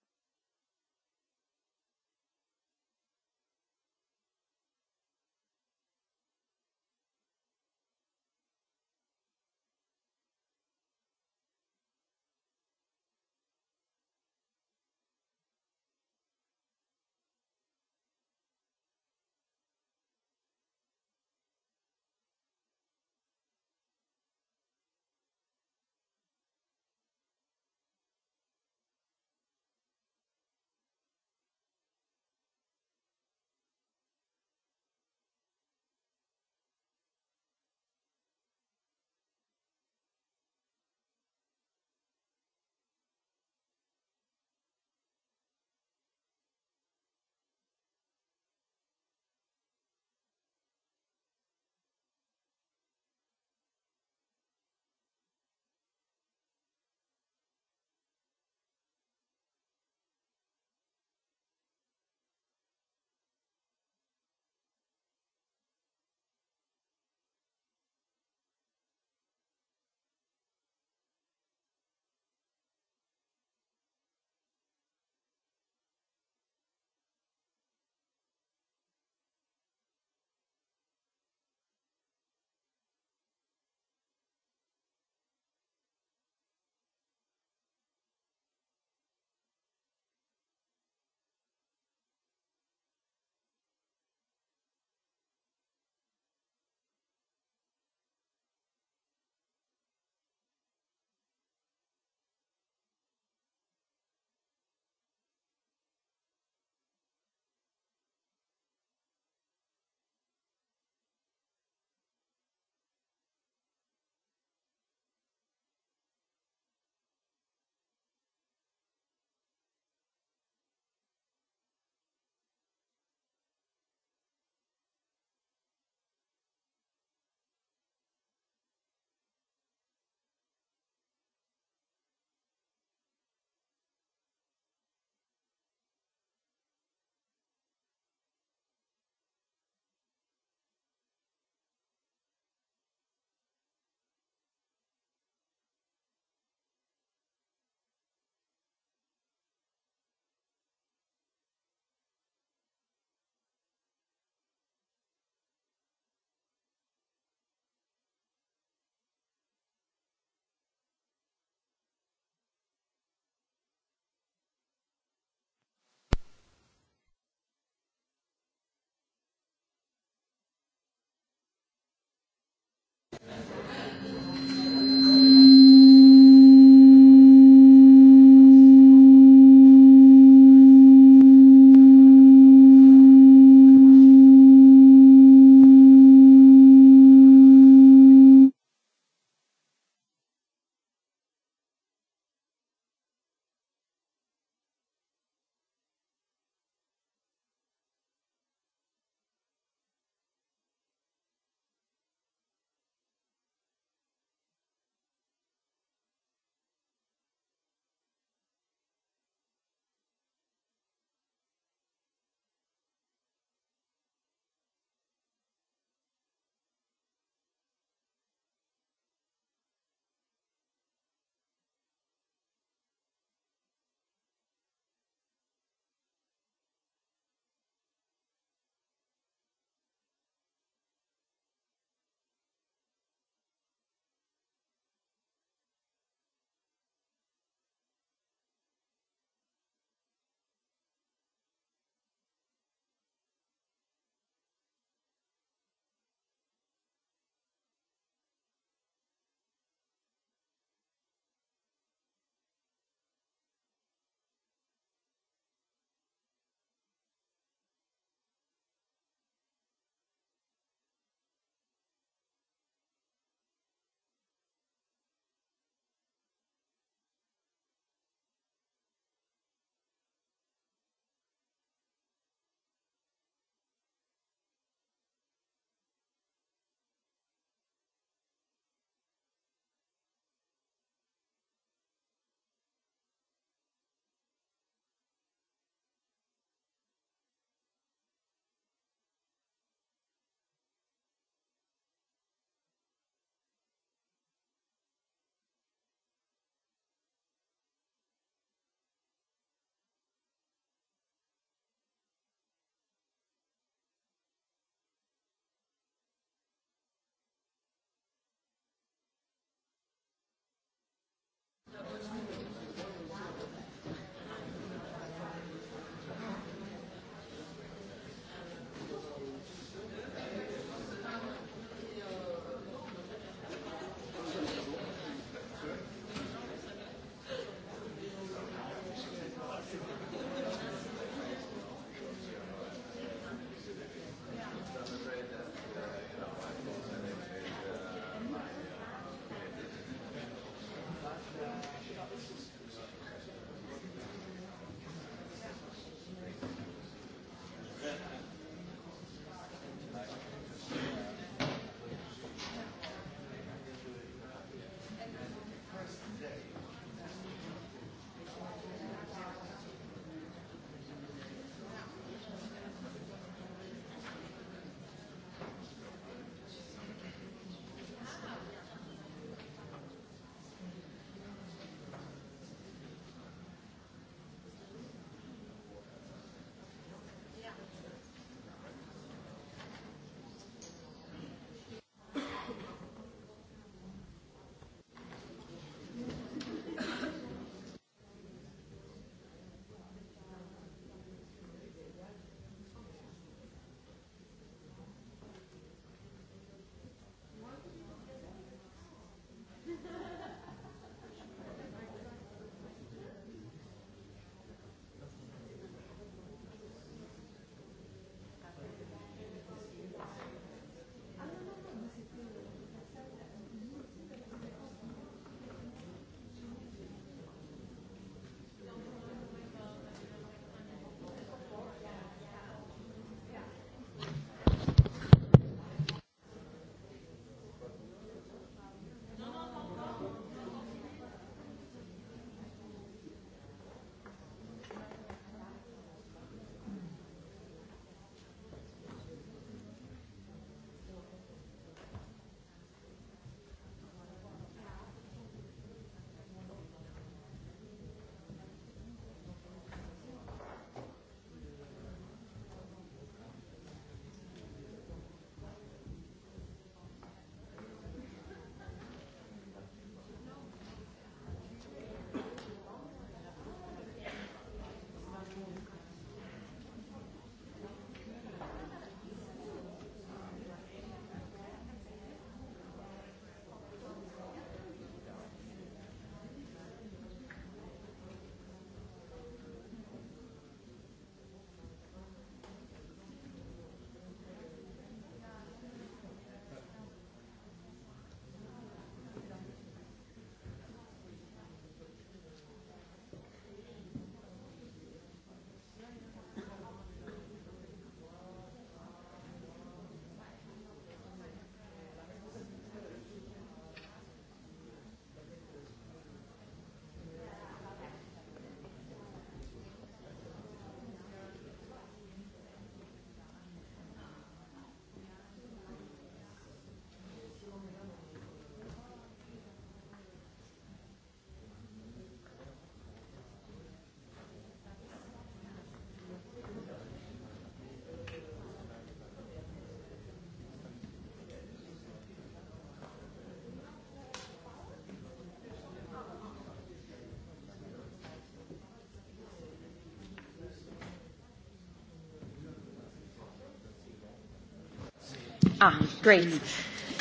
А, ah, great.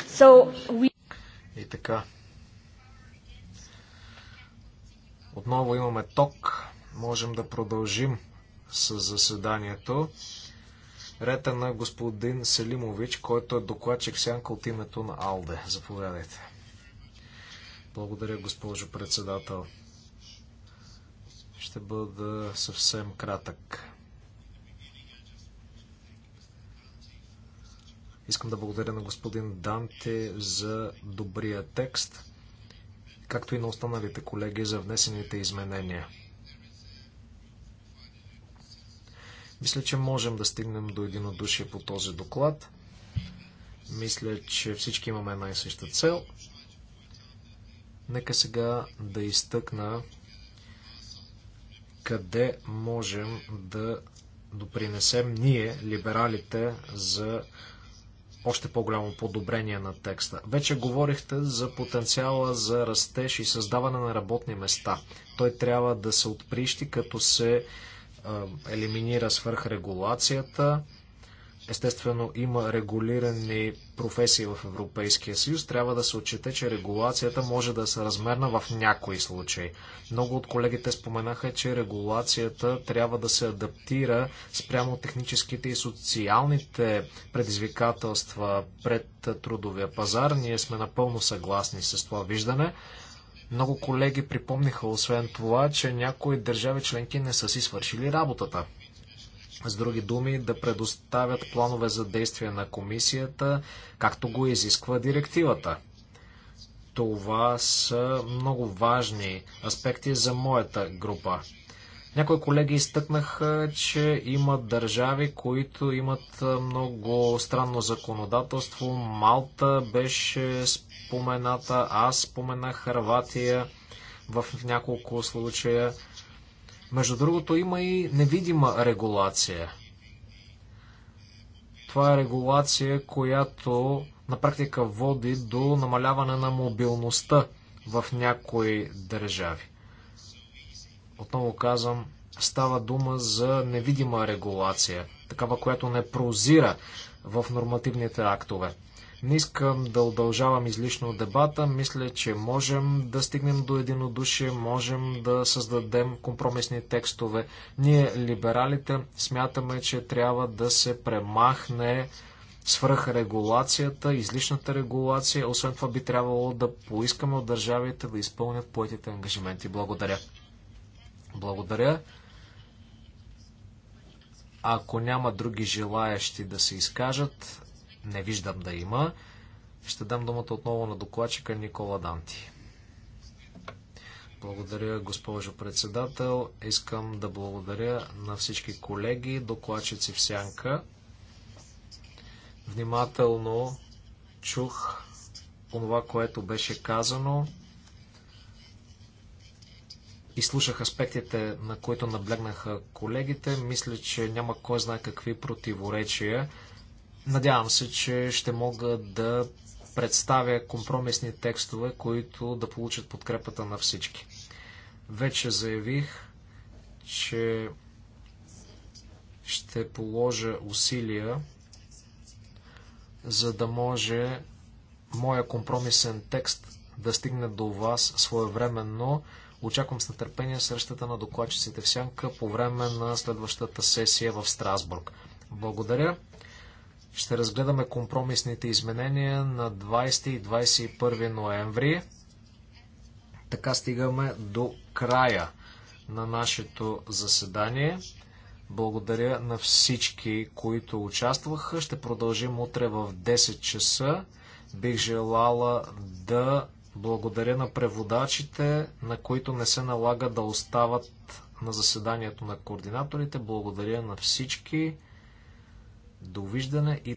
So we... И така. Отново имаме ток. Можем да продължим с заседанието. Рета е на господин Селимович, който е докладчик сянка от името на Алде. Заповядайте. Благодаря, госпожо председател. Ще бъда съвсем кратък. Искам да благодаря на господин Данте за добрия текст, както и на останалите колеги за внесените изменения. Мисля, че можем да стигнем до единодушие по този доклад. Мисля, че всички имаме една и съща цел. Нека сега да изтъкна къде можем да допринесем ние, либералите, за още по-голямо подобрение на текста. Вече говорихте за потенциала за растеж и създаване на работни места. Той трябва да се отприщи, като се елиминира свърхрегулацията, Естествено, има регулирани професии в Европейския съюз. Трябва да се отчете, че регулацията може да се размерна в някои случаи. Много от колегите споменаха, че регулацията трябва да се адаптира спрямо техническите и социалните предизвикателства пред трудовия пазар. Ние сме напълно съгласни с това виждане. Много колеги припомниха, освен това, че някои държави членки не са си свършили работата. С други думи, да предоставят планове за действие на комисията, както го изисква директивата. Това са много важни аспекти за моята група. Някои колеги изтъкнаха, че има държави, които имат много странно законодателство. Малта беше спомената, аз споменах Харватия в няколко случая. Между другото има и невидима регулация. Това е регулация, която на практика води до намаляване на мобилността в някои държави. Отново казвам, става дума за невидима регулация, такава, която не прозира в нормативните актове. Не искам да удължавам излишно дебата. Мисля, че можем да стигнем до единодушие, можем да създадем компромисни текстове. Ние, либералите, смятаме, че трябва да се премахне свръхрегулацията, излишната регулация. Освен това би трябвало да поискаме от държавите да изпълнят поетите ангажименти. Благодаря. Благодаря. Ако няма други желаящи да се изкажат, не виждам да има. Ще дам думата отново на докладчика Никола Данти. Благодаря, госпожо председател. Искам да благодаря на всички колеги, докладчици в сянка. Внимателно чух онова, което беше казано и слушах аспектите, на които наблегнаха колегите. Мисля, че няма кой знае какви противоречия. Надявам се, че ще мога да представя компромисни текстове, които да получат подкрепата на всички. Вече заявих, че ще положа усилия, за да може моя компромисен текст да стигне до вас своевременно. Очаквам с нетърпение срещата на докладчиците в Сянка по време на следващата сесия в Страсбург. Благодаря. Ще разгледаме компромисните изменения на 20 и 21 ноември. Така стигаме до края на нашето заседание. Благодаря на всички, които участваха. Ще продължим утре в 10 часа. Бих желала да благодаря на преводачите, на които не се налага да остават на заседанието на координаторите. Благодаря на всички. Довиждане и